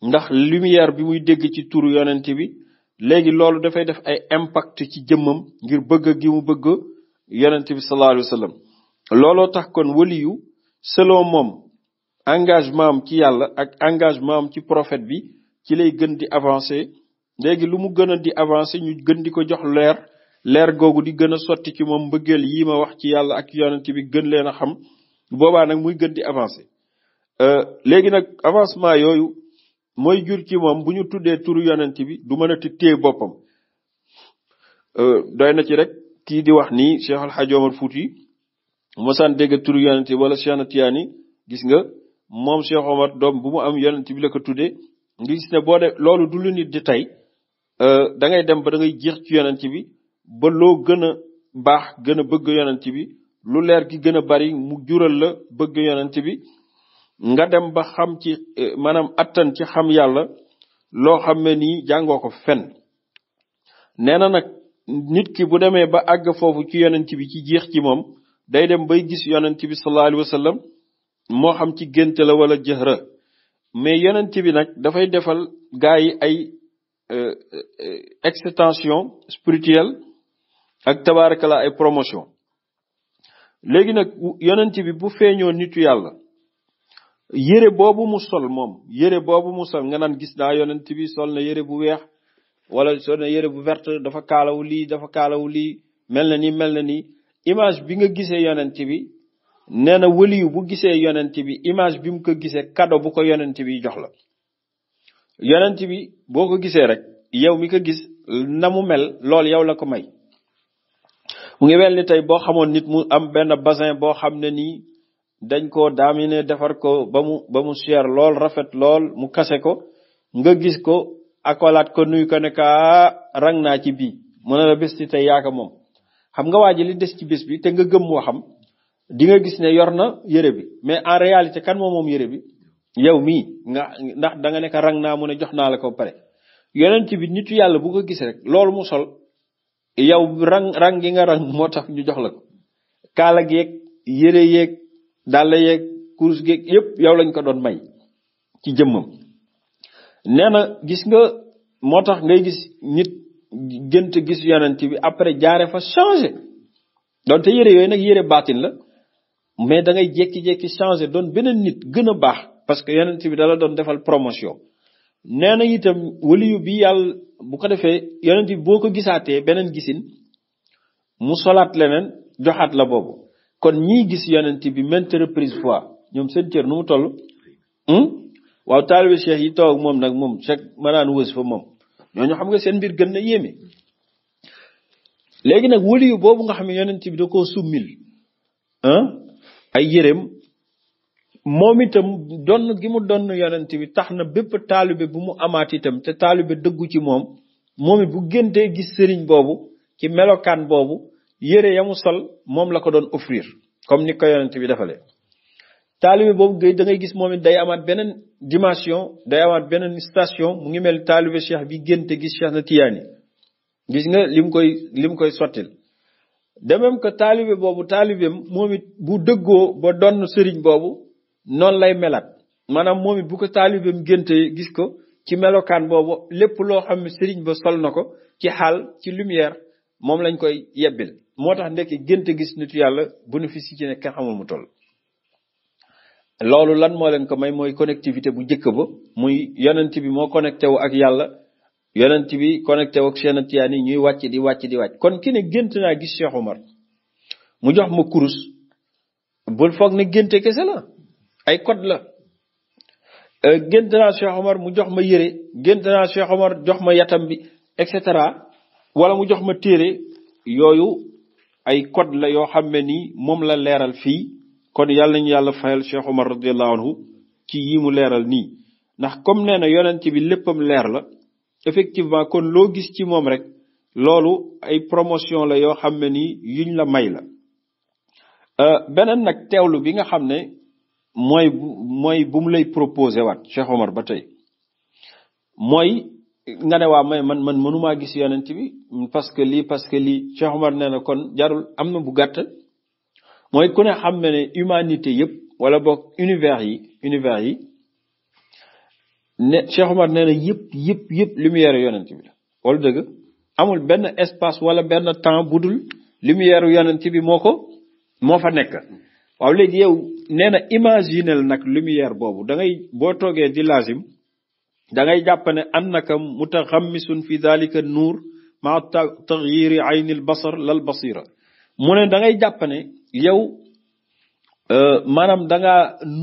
ndax lumière bi muy dégg ci turu yonent bi léegi loolu dafay def ay impact ci jëmmam ngir bëgg gi mu bëgg yonent bi sallallahu alayhi wa looloo tax kon waliyu selon moom engagement am ci yàlla ak engagement am ci prophète bi ci lay gën di avancer léegi lu mu gën a di avancer ñu gën di ko jox leer leer googu di gën a sotti ci moom mbëggeel yi ma wax ci yàlla ak yonent bi gën leen a xam boobaa nag muy gën di avancer euh, léegi nag avancement yooyu mooy jur ci moom bu ñu tuddee turu yonent bi du mën a ti téye boppam euh, doy na ci rek kii di wax nii Cheikh Al Hadj Omar Fouti mosaan dégg turu yonent bi wala Cheikh na Tiyaani gis nga moom Cheikh Omar doom bu mu am yonent bi la ko tuddee nga gis ne boo de loolu du lu nit di tey euh, da ngay dem ba dangay ngay jeex ci yonent bi ba loo gën a baax gën a bëgg yonent bi lu leer gi gën a bari mu jural la bëgg yonent bi nga dem ba xam ci eh, maanaam attan ci xam yàlla loo xam ne nii jàngoo ko fen nee na nag nit ki bu demee ba àgg foofu ci yonent bi ci jeex ci moom day dem bay gis yonent bi sallallahu alayhi wasallam moo xam ci gént la wala jëhra mais yonent bi nag dafay defal gaa yi ay eh, eh, extension spirituelle ak tabaaraka la ay promotion léegi nag yonent bi bu feeñoo nitu yàlla yére boobu mu sol moom yére boobu mu sol nga naan gis naa yonent bi sol na yére bu weex wala sol na yére bu verte dafa kaalawu lii dafa kaalawu lii mel na ni mel na ni image bi nga gisee yonent bi nee na wëliyu bu gisee yonent bi image bi mu ko gisee kado bu ko yonent bi jox la yonent bi boo ko gisee rek yow mi ko gis na mu mel lool yow la ko may mu ngi mel ni tey boo xamoon nit mu am benn basin boo xam ne nii dañ ko daamine defar ko ba mu ba mu cher lool rafet lool mu kase ko nga gis ko akolaat ko nuyu ko ne ka ah, rang naa ci bi mu na la bés ci tey yaaka moom xam nga waa ji li des ci bés bi te nga gëm moo xam di nga gis ne yor na yére bi mais en réalité kan moom yére bi yow mi nga ndax danga nekka ne rang naa mu ne jox naa la ko pare ci bi nitu yàlla bu ko gis rek loolu mu sol yow rang rang gi nga rang moo tax ñu jox la ko kaala geeg yére yeeg dàll yeeg kurus geeg yépp yow lañ ko doon may ci jëmmam nee na gis nga moo tax ngay gis nit jënt gis yonent bi après jaare fa changé te yére yooyu nag yére la mais da ngay changé doon beneen nit gën a baax parce que yonent bi dala doon defal promotion nee na itam waliyu bi yàlla bu ko defee yonent bi boo ko gisaatee beneen gisin mu solaat leneen joxaat la boobu kon ñiy gis yonent bi maintes reprises fois ñoom seen cër nu mu toll hmm? waaw taalibe cheikh yi toog moom nag moom cheikh manaan wës fa moom ñooñu xam nga seen mbir gën na yéeme léegi nag waliyu boobu nga xam ne yonent bi da koo summil ah, ay yéreem moom itam donn gi mu donn yonent bi tax na bépp taalibe bu mu amaat itam te taalibe dëggu ci moom moom it bu géntee gis sëriñ boobu ci melokaan boobu yére yamu sol moom la ko doon offrir comme ni ko yonent bi defalee taalibe boobu gay da ngay gis moom it day amaat beneen dimension day amaat beneen station mu ngi mel taalibe cheikh bi génte gis cheikh na tiyaani gis nga lim koy lim koy sottil de même que taalibe boobu taalibeem moom it bu dëggoo ba donn sëriñ boobu noonu lay melaat maanaam moom it bu ko taalibeem génte gis ko ci melokaan boobu lépp loo xam ne sëriñ ba sol na ko ci xaal ci lumière moom lañ koy yebbil moo tax ndekk gént gis nitu yàlla bénéfice yi ci ne kenn xamul mu toll loolu lan moo leen ko may mooy connectivité bu njëkk ba muy yonent bi moo connecté wu ak yàlla yonent bi connecté wu ak seen tiyaan yi ñuy wàcc di wàcc di wàcc kon ki ne gént naa gis Cheikh Omar mu jox ma kurus bul foog ne génte kese la ay code la euh, gént naa Cheikh mu jox ma yére gént naa Cheikh jox ma yatam bi et cetera wala mu jox ma téere yooyu ay code la yoo xam ne ni moom la leeral fii kon yàlla nañu yàlla fayal Cheikh Omar radiyallahu anhu ci yi mu leeral nii ndax comme nee na yonent bi léppam leer la effectivement kon loo gis ci moom rek loolu ay promotion la yoo xam ne nii yuñ la may la euh, beneen nag teewlu bi nga xam ne mooy mooy bu mu lay proposé waat Cheikh Omar ba tey mooy nga ne waa may man man mënumaa gis yonent bi parce que lii parce que lii Cheikh Omar nee na kon jarul am na bu gàtt mooy ku ne xam ne ne humanité yëpp wala boog univers yi univers yi ne Cheikh Omar nee na yëpp yëpp lumière yonent bi la dëgg amul benn espace wala benn temps bu dul lumière yonent bi moo ko moo fa nekk waaw léegi yow nee na imaginel nag lumière boobu da ngay boo toogee di lazim da ngay jàpp ne annaka mutaxammisun fi dalika nuur ma taxyiri ayni l basar lal basira mu ne da ngay jàpp ne yow euh, maanaam danga nga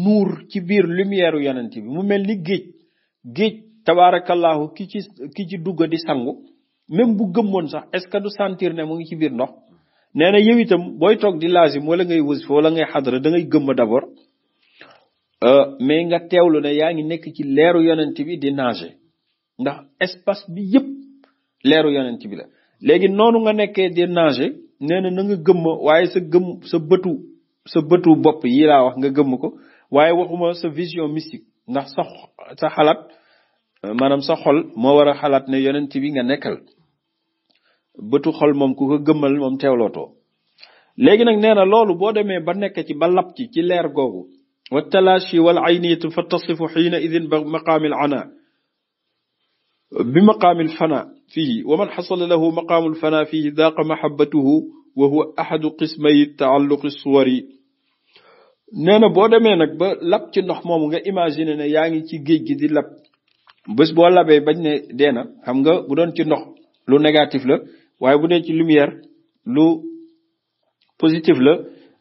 nuur ci biir lumière u yonent bi mu mel ni géej géej tabaarakallahu ki ci ki ci dugg di sangu même bu gëmmoon sax est ce que du sentir ne mu ngi ci biir ndox nee na yow itam booy toog di lazim wala ngay wasifa wala ngay xadara da ngay gëmm d'abord Euh, mais nga teewlu ne yaa ngi nekk ci leeru yonent bi di nager ndax espace bi yëpp leeru yonent bi la léegi noonu nga nekkee di nager nee na na nga gëmm waaye sa gëm sa bëtu sa bëtu bopp yi laa wax nga gëmm ko waaye waxuma sa vision mystique ndax sa sa xalaat euh, maanaam sa xol moo war a xalaat ne yonent bi nga nekkal bëtu xol moom ku ko gëmmal moom teewlootoo léegi nag nee loolu boo demee ba nekk ci ba lab ci ci leer googu wa talaashi wal ayniyatu fa tasifu xiina idin ba maqaamil ana bi maqaamil fana fii wa man xasala lahu maqaamul fana fii daaqa mahabbatuhu wa huwa ahadu qismayi taalluqi suwari nee na boo demee nag ba lap ci ndox moomu nga imagine na yaa ngi ci géej gi di lab bés boo labee bañ ne dee na xam nga bu doon ci ndox lu négatif la waaye bu dee ci lumière lu positif la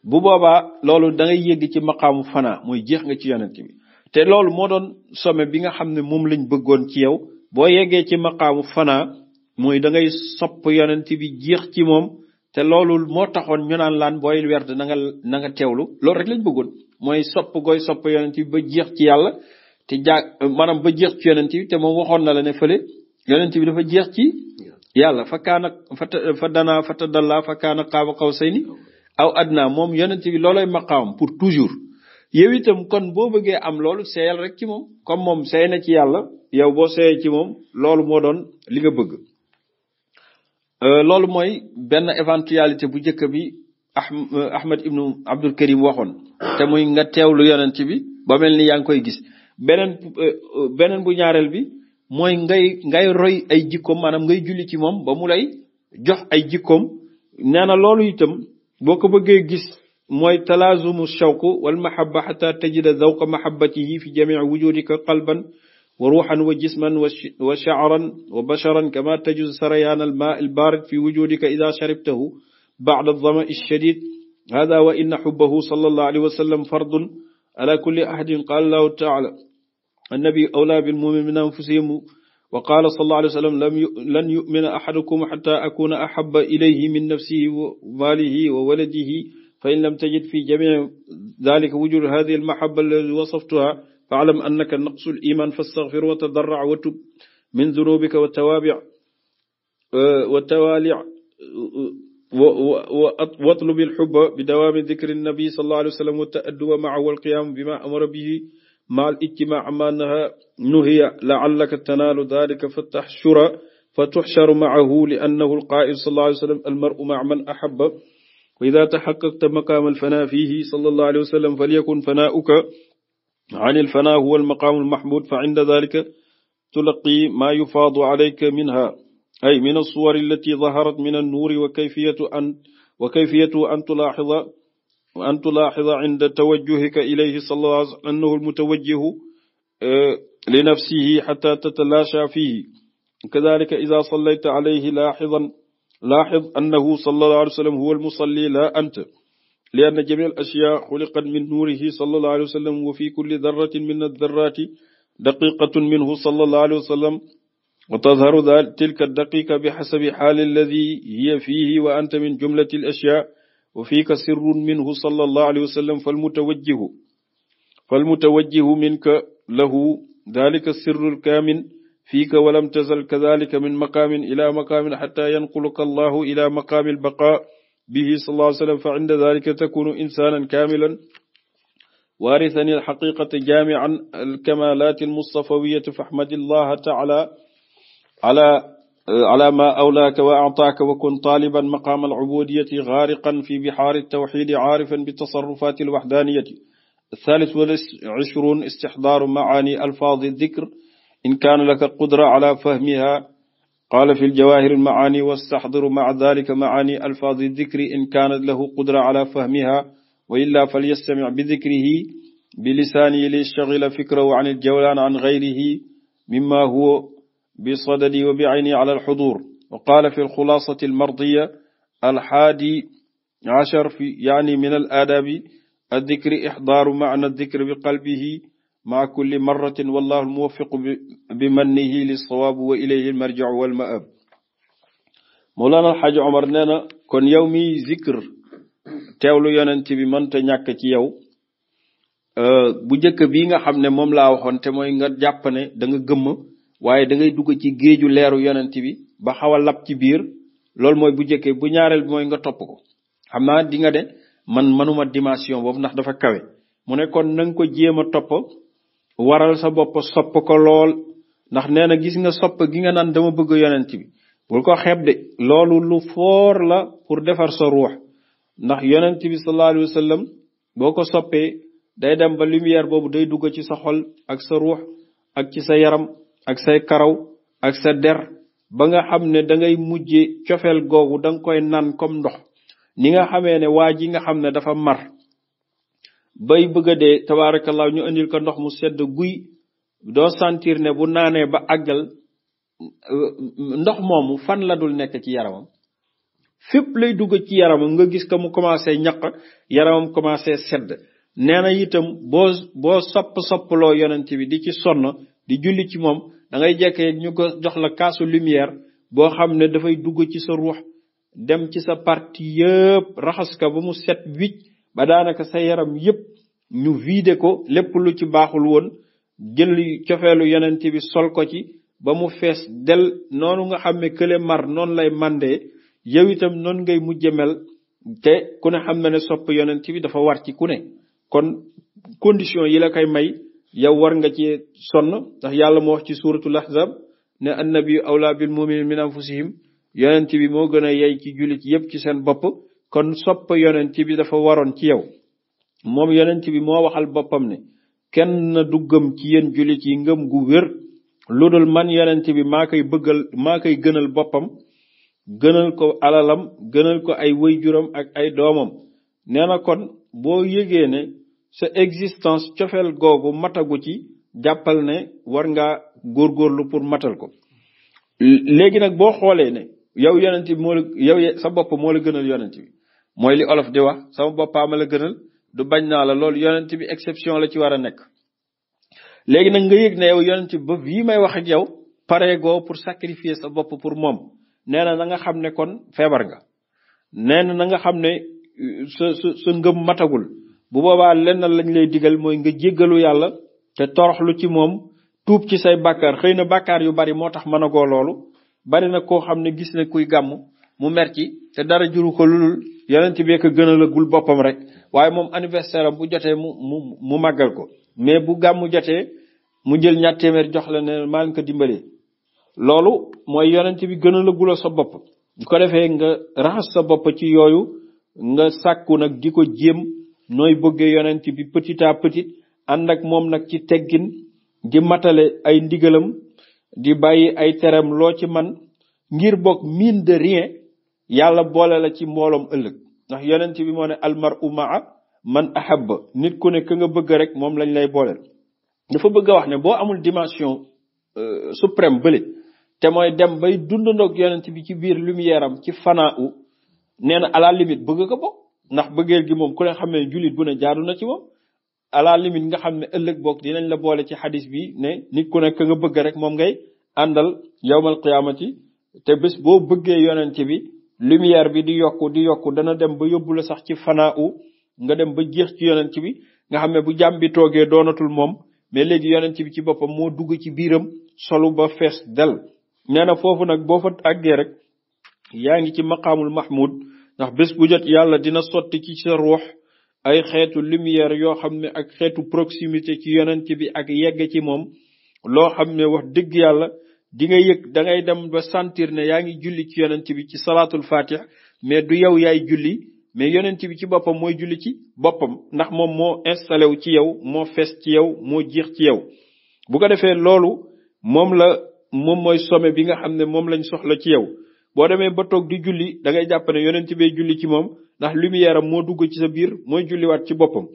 bu boobaa loolu da ngay yëgg ci maqaamu fanaa mooy jeex nga ci yonent bi te loolu moo doon sommet bi nga xam ne moom lañ bëggoon ci yow boo yeggee ci maqaamu fanaa mooy dangay ngay sopp yonent bi jeex ci moom te loolu moo taxoon ñu laan booy werd na nga na nga teewlu lañ bëggoon mooy sopp gooy sopp yonent ba jeex ci yàlla te jaag maanaam ba jeex ci yonent bi te moom waxoon na la ne fële yonent bi dafa jeex ci yàlla fa kaana fa fa danaa fa tadalla fa kaana qaaba qawsayni aw adna moom yonent bi loolay maqaam pour toujours yow itam kon boo bëggee am loolu seeyal rek ci moom comme moom seey na ci yàlla yow boo seeyee ci moom loolu moo doon li nga bëgg euh, loolu mooy benn éventualité bu njëkk bi Ahmad euh, ibnu Abdul Karim waxoon te muy nga teewlu yonent bi ba mel ni yaa ngi koy gis beneen euh, beneen bu ñaareel bi mooy ngay ngay ay jikkoom maanaam ngay julli ci moom ba mu lay jox ay jikkoom nee na loolu itam boo ko bëggee gis mooy talaazumu shawq wal mahabba xata tajida zawqa mahabbatihi fi jamici wujudika qalban wa ruuxan wa jisman wa shaaran wa basharan kama tajuz sarayaan al maa al baarid fi wujudika ida sharibtahu bacda aldamai alshadid hada wa inna xubbahu sallallahu alayhi wa sallam fardun ala kulli ahadin qaala allahu taala annabi awlaa bilmumin min anfusihim wa qaala sallallahu alayhi wa sallam lam lan yumina axadukum xata akuna axaba ilayhi min nafsihi wa maalihi wa waladihi fa in lam tajid fi jamici dalika wujud hadihi almaxaba allati wasaftuha faalam annaka naqsu liman fastaxfir wa tadarrac wa tub min dunubika wa tawaabic wa tawaalic watlub alxuba bidawaami dikri annabi sallallahu alayhi wa sallam wa taaduba macahu walqiyaam bima amara bihi maal ijtimaa ma naha nuhiya laallaka tanaalu dalika fa taxshura fa tuxsharu maahu li annahu alqaa'il sallallahu alayhi wa sallam almaru maa man ahaba wa ida taxaqaqta maqaama alfanaa fiihi sallallahu alayhi wa sallam falyakun fanaauka an alfanaa huwa almaqaamu almahmuud fa inda dalika tulaqi maa yufaadu alayka minha ay min alsuwar allati daharat min annuuri wa kayfiyatu an wa kayfiyatu an tulaaxida wa an tulaaxida inda tawajjuhika ilayhi sallallahu alayhi wa sallam annahu almutawajjihu eh, li nafsihi xata tatalaasha fihi kadalika ida sallayta alayhi laaxidan laaxid annahu sallallahu alayhi wa sallam huwa almusalli la anta li anna jamii al-ashyaa xuliqat min nuurihi sallallahu alayhi wa sallam wa fi kulli darratin min ad-darraati daqiiqatun minhu sallallahu alayhi wa sallam wa tazharu tilka ad-daqiiqa bi xasabi xaali alladi hiya fiihi wa anta min jumlati al-ashyaa wa fiika sirrun minhu sallallahu alayhi wa sallam fal mutawajjihu fal mutawajjihu minka lahu dalika sirrul kaamin fiika walam tazal kadalika min maqaamin ila maqaamin xata yanquluka allahu ila maqaami albaqaa bihi sallallahu alayhi wa sallam fa inda dalika takunu insaanan kaamilan waarisan alxaqiqata jaamian alkamalaati almustafawiyyati fa ahmadillaha taala ala ala ma awlaaka wa ataaka wa kun taaliban maqaama alcubudiyati gaariqan fi bixaari altawxidi aarifan bitasarrufaati alwaxdaaniyati الثالث والعشرون استحضار معاني ألفاظ الذكر إن كان لك قدرة على فهمها قال في الجواهر المعاني واستحضر مع ذلك معاني ألفاظ الذكر إن كانت له قدرة على فهمها وإلا فليستمع بذكره بلسانه ليشغل فكره عن الجولان عن غيره مما هو بصددي وبعيني على الحضور وقال في الخلاصة المرضية الحادي عشر في يعني من الآداب الذكر إحضار معنى الذكر بقلبه مع كل مرة والله الموفق بمنه للصواب وإليه المرجع والمآب Mawlana El Hadj Omar nee na kon yow mi zikr teewlu yonent bi mënta ñàkk ci yow bu njëkk bii nga xam ne moom laa waxoon te mooy nga jàpp ne da nga gëmm waaye da ngay dugg ci géeju leeru yonent bi ba xaw a lab ci biir loolu mooy bu njëkkee bu ñaareel bi mooy nga topp ko xam naa di nga de man manuma dimension boobu ndax dafa kawe mu ne kon na ko jéem a topp waral sa bopp sopp ko lool ndax nee na gis nga sopp gi nga naan dama bëgg yonent bi bul ko xeeb de loolu lu foor la pour defar sa ruux ndax yonent bi sallallahu alayhi wa boo ko soppee day dem ba lumière boobu day dugg ci sa xol ak sa ruux ak ci sa yaram ak say karaw ak sa der ba nga xam ne dangay ngay mujje cofeel googu danga koy naan comme ndox ni nga xamee ne waa ji nga xam ne dafa mar bay bëgg a dee tabaarakallaahu ñu indil ko ndox mu sedd guy doo sentir ne bu naanee ba àggal ndox moomu fan la dul nekk ci yaramam fépp lay dugg ci yaramam nga gis ko mu commencé ñaq yaramam commencé sedd nee na itam boo boo sopp-soppaloo bi di ci sonn di julli ci moom dangay ngay ñu ko jox la kaasu lumière boo xam ne dafay dugg ci sa ruux dem ci sa parti yëpp raxas ko ba mu set wicc ba daanaka sa yaram yëpp ñu vider ko lépp lu ci baaxul woon jël cofeelu yonent bi sol ko ci ba mu fees del noonu nga xam ne kële mar noonu lay mandee yow itam noonu ngay mujj mel te ku ne xam na ne sopp yonent bi dafa war ci ku ne kon condition yi la koy may yow war nga ci sonn ndax yàlla moo wax ci suuratul ahzab ne annabi awla bil muminin min anfusihim yonent bi moo gën a yey ci jullit yépp ci seen bopp kon sopp yonent bi dafa waroon ci yow moom yonent bi moo waxal boppam ne kenn du gëm ci yéen jullit yi ngëm gu wér lu dul man yonent bi maa koy bëggal maa koy gënal boppam gënal ko alalam gënal ko ay wëyjuram ak ay doomam nee kon boo yëgee sa existence cofeel googu matagu ci jàppal ne war góor góorlu pour matal ko léegi nag boo xoolee ne yow yonent bi moo la yow sa bopp moo la gënal yonent bi mooy li olof di wax sama boppaama la gënal du bañ naa la loolu yonent bi exception la ci war a nekk léegi nag nga yëg ne yow yonent bi ba bii may wax ak yow pareegoo pour sacrifier sa bopp pour moom nee na na nga xam ne kon feebar nga nee na na nga xam ne sa sa sa ngëm matagul bu boobaa lenn lañ lay digal mooy nga jéggalu yàlla te toroxlu ci moom tuub ci say bàkkaar xëy na bàkkaar yu bari moo tax mën a goo loolu bari na koo xam ne gis na kuy gàmm mu mer ci te dara juru ko lu yonent bi ko gën lagul boppam rek waaye moom anniversaire am bu jotee mu mu mu màggal ko mais bu gàmm jotee mu jël ñaar jox la ne maa loolu mooy yonent bi gën a sa bopp bu ko defee nga raxas sa bopp ci yooyu nga sàkku nag di ko jéem nooy bëggee yonent bi petit à petit ànd ak moom nag ci teggin di matale ay ndigalam di bàyyi ay teram loo ci man ngir bokk mine de rien yàlla boole la ci mbooloom ëllëg ndax yonent bi moone ne almaru maa man ba nit ku ne ka nga bëgg rek moom lañ lay booleel dafa bëgg a wax ne boo amul dimension euh, suprême bële te mooy dem bay dundandoog yonent bi ci biir lumière am ci fanaa u nee na à bëgg ko bokk ndax bëggeel gi moom ku ne xamee ne jullit bu ne jaadu na ci moom à la nga xam ne ëllëg boog dinañ la boole ci xadis bi ne nit ku nekk nga bëgg rek moom ngay àndal yowmal qiyaamati te bés boo bëggee yonente bi lumière bi di yokku di yokku dana dem ba yóbbu la sax ci fanaaw nga dem ba jeex ci yonent bi nga xam ne bu jàmm toogee doonatul moom mais léegi yonent bi ci boppam moo dugg ci biiram solu ba fees del nee na foofu nag boo fa àggee rek yaa ngi ci maqaamul mahmud ndax bés bu jot yàlla dina sotti ci sa ruux ay xeetu lumière yoo xam ne ak xeetu proximité ci yonent bi ak yegg ci moom loo xam ne wax dëgg yàlla di nga yëg da ngay dem ba sentir ne yaa ngi julli ci yonent bi ci salaatul fatih mais du yow yaay julli mais yonent bi ci boppam mooy julli ci boppam ndax moom moo installé wu ci yow moo fees ci yow moo jiix ci yow bu ko defee loolu moom la moom mooy sommet bi nga xam ne moom lañ soxla ci yow boo demee ba toog di julli da ngay jàpp ne yonent bee julli ci moom ndax lumière am moo dugg ci sa biir mooy julliwaat ci boppam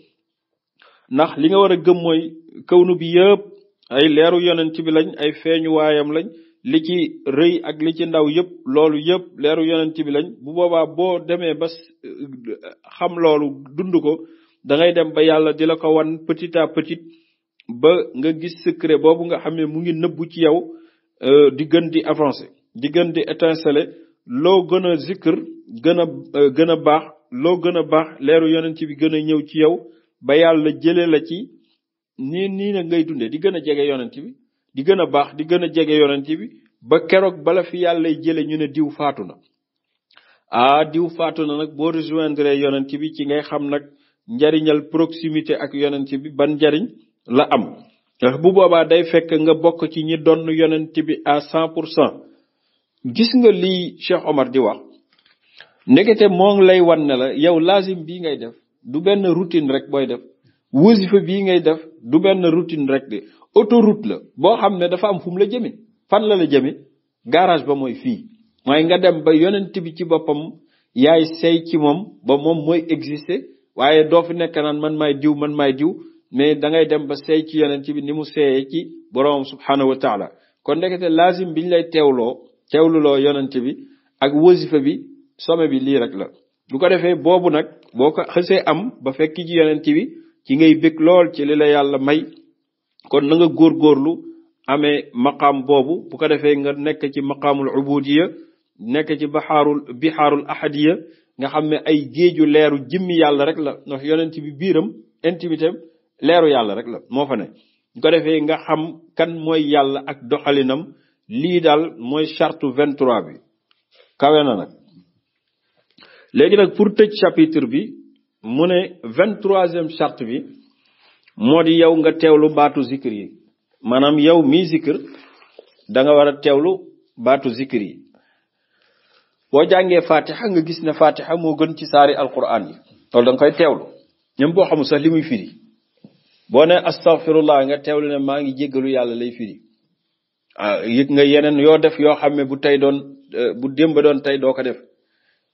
ndax li nga war a gëm mooy kawnu bi yëpp ay leeru yonent bi lañ ay feeñu waayam lañ li ci rëy ak li ci ndaw yëpp loolu yëpp leeru yonent bi lañ bu boobaa boo demee ba xam loolu dund ko dangay dem ba yàlla di la ko wan petit à petit ba nga gis secret boobu nga xam ne mu ngi nëbbu ci yow euh, di gën di avancer di gën di étinceler loo gën a zikr gën a euh, gën a baax loo gën a baax leeru yonent bi gën a ñëw ci yow ba yàlla jëlee la ci nii nii na ngay dundee di gën a jege yonent bi di gën a baax di gën a jege yonent bi ba keroog bala fi yàlla jëlee ñu ne diw faatu na ah diw faatu na nag boo rejoindre yonent bi ci ngay xam nag njariñal proximité ak yonent bi ban njariñ la am bu boobaa day fekk nga bokk ci ñi donn yonent bi à cent pour cent gis nga lii Cheikh Omar di wax ndekete moom lay wan ne la yow lazim bii ngay def du benn routine rek booy def wasifa bii ngay def du benn routine rek bi oto autoroute la boo xam ne dafa am fu la jëme fan la la jëme garage ba mooy fii waaye nga dem ba yonent bi ci boppam yaay sey ci moom ba moom mooy exister waaye doo fi nekk naan man maay diw man maay diw mais da ngay dem ba sey ci yonent bi ni mu seeyee ci boroomam subhanahu wa taala kon ndekete lazim bi ñu lay teewloo teewluloo yonent bi ak wasifa bi some bi lii rek la bu ko defee boobu nag boo ko xësee am ba fekk ci yonent bi ci ngay bég lool ci li yàlla may kon na nga góorgóorlu amee maqaam boobu bu ko defee nga nekk ci maqaamul ubudiya nekk ci baxaarul bixaarul ahadiya nga xam ne ay géeju leeru jimmi yàlla rek la ndax yonent bi biiram intimité leeru yàlla rek la moo fa ne bu defee nga xam kan mooy yàlla ak doxalinam lii daal mooy charte vingt trois bi kawe na nag léegi nag pour tëj chapitre bi mu ne vingt troisième charte bi moo di yow nga teewlu baatu zikir yi maanaam yow mii zikir da nga war a teewlu baatu zikir yi boo jàngee fatiha nga gis ne fatiha moo gën ci saari alquran yi loolu da nga koy teewlu ñoom boo xamul sax li muy firi boo ne astaghfirullah nga teewlu ne maa ngi jéggalu yàlla lay firi Ah, yëg nga yeneen yoo def yoo xam ne bu tey doon eh, bu démb doon tey doo ko def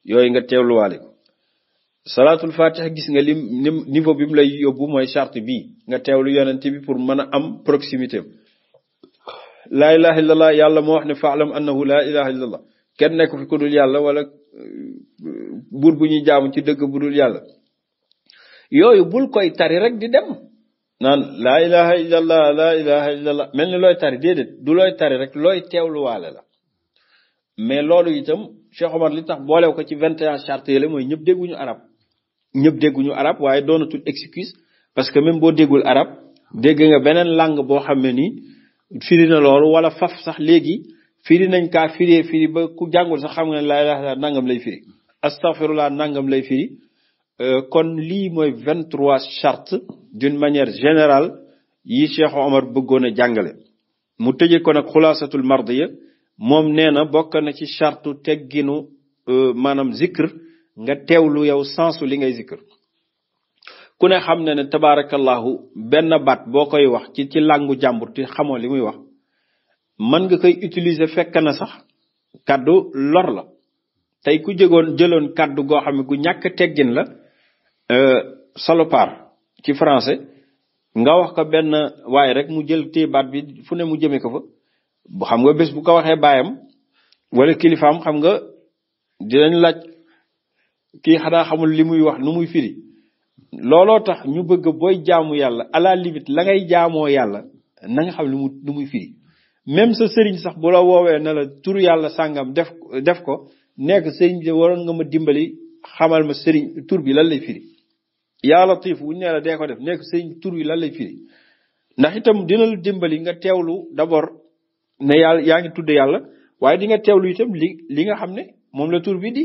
yooyu nga teewluwaale ko salaatul fatiha gis nga lim niveau bi mu lay yóbbu mooy charte bi nga teewlu yonent bi pour mën a am proximité laa ilaha illallah yàlla moo wax ne faalam annahu laa ilaha illallah kenn nekk fi ku dul yàlla wala eh, buur bu ñuy jaamu ci dëgg bu dul yàlla yooyu bul koy tari rek di dem naan laa ilaha illallah laa mel ni looy tari déedéet du looy tari rek looy teewluwaale la mais loolu itam Cheikh Omar li tax boolew ko ci vingt et un charte yële mooy ñëpp dégguñu arab ñëpp dégguñu arab waaye doonatul excuse parce que même boo déggul arab dégg nga beneen langue boo xam ne nii firi na loolu wala faf sax léegi firi nañ kaa firee firi ba ku jàngul sax xam nga ne laa ilaha illallah nangam lay firi astaghfirullah nangam lay firi euh, kon lii mooy vingt trois d'une manière générale yi Cheikh Omar bëggoon a jàngale mu tëje ko nag xulaasatul mardiya moom nee na bokk na ci chartu tegginu euh, maanaam zikr nga teew lu yow sensu li ngay zikr ku ne xam na ne tabaarakallahu benn baat boo koy wax ci ci làngu jàmbur ti xamoo li muy wax mën nga koy utiliser fekk na sax kàddu lor la tey ku jëgoon jëloon kàddu goo xam ne gu ñàkk teggin la euh, salopaar ci français nga wax ko benn waaye rek mu jël téye baat bi fu ne mu jëme ko fa xam nga bés bu ko waxee baayam wala kilifaam xam nga dinañ laaj kii xanaa xamul li muy wax nu muy firi looloo tax ñu bëgg booy jaamu yàlla à la la ngay jaamoo yàlla na xam li mu lu muy firi même sa sëriñ sax bu la woowee na la turu yàlla sàngam def def ko nekk sëriñ bi waroon nga ma dimbali xamal ma sëriñ tur bi lan lay firi yaa latif bu ñu nee dee ko def nekk sëñ tur yi lan lay firi ndax itam dina la dimbali nga teewlu d'abord ne yàlla yaa ngi tudd yàlla waaye di nga teewlu itam li li nga xam ne moom la tur bi di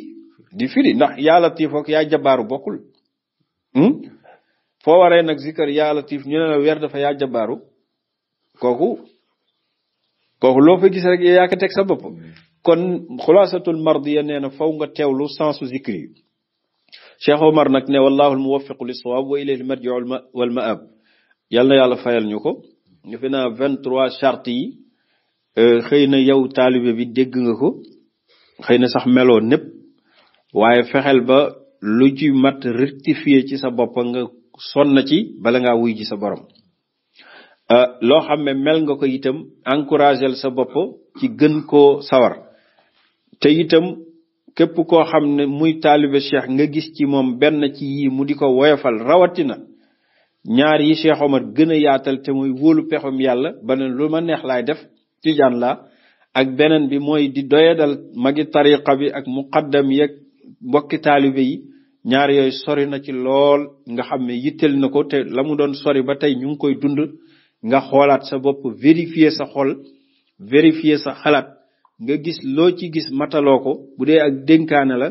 di firi ndax yaa latif ak yaa bokkul hmm? foo waree nag zikar yaa latif ñu ne weer dafa yaa jabaaru kooku kooku loo fa gis rek yaa ko teg sa bopp hmm. kon xulaasatul mardiya nee na fow nga teewlu sensu zikri yi Cheikh Omar nag ne wallahu almuwafiqu lissawaab wa ilayhi almarjiu wal ma yal na yàlla fayal ñu ko ñu fi naa vingt trois chartes yi euh, xëy na yow taalibe bi dégg nga ko xëy na sax meloo népp waaye fexeel ba lu ji mat rectifier ci sa boppa nga sonn ci bala ngaa wuy ji sa borom euh, loo xam ne mel nga ko itam encouragel sa bopp ci gën koo sawar te itam képp koo xam ne muy taalibe cheikh nga gis ci moom benn ci yii mu di ko woyofal rawatina ñaar yi Cheikh Omar gën a yaatal te muy wóolu pexum yàlla ba ne lu ma neex lay def tijaan laa ak beneen bi mooy di doyadal magi tariqa bi ak muqaddam yeeg mbokki taalibe yi ñaar yooyu sori na ci lool nga xam ne yitteel na ko te la mu doon sori ba tey ñu ngi koy dund nga xoolaat sa bopp vérifier sa xol vérifier sa xalaat nga gis loo ci gis mataloo ko bu dee ak dénkaane la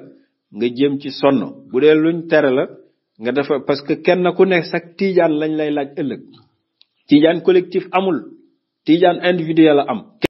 nga jëm ci sonn bu dee luñ tere la nga dafa parce que kenn ku nekk sax tiijaan lañ lay laaj ëllëg tiijaan collectif amul tiijaan individuel la am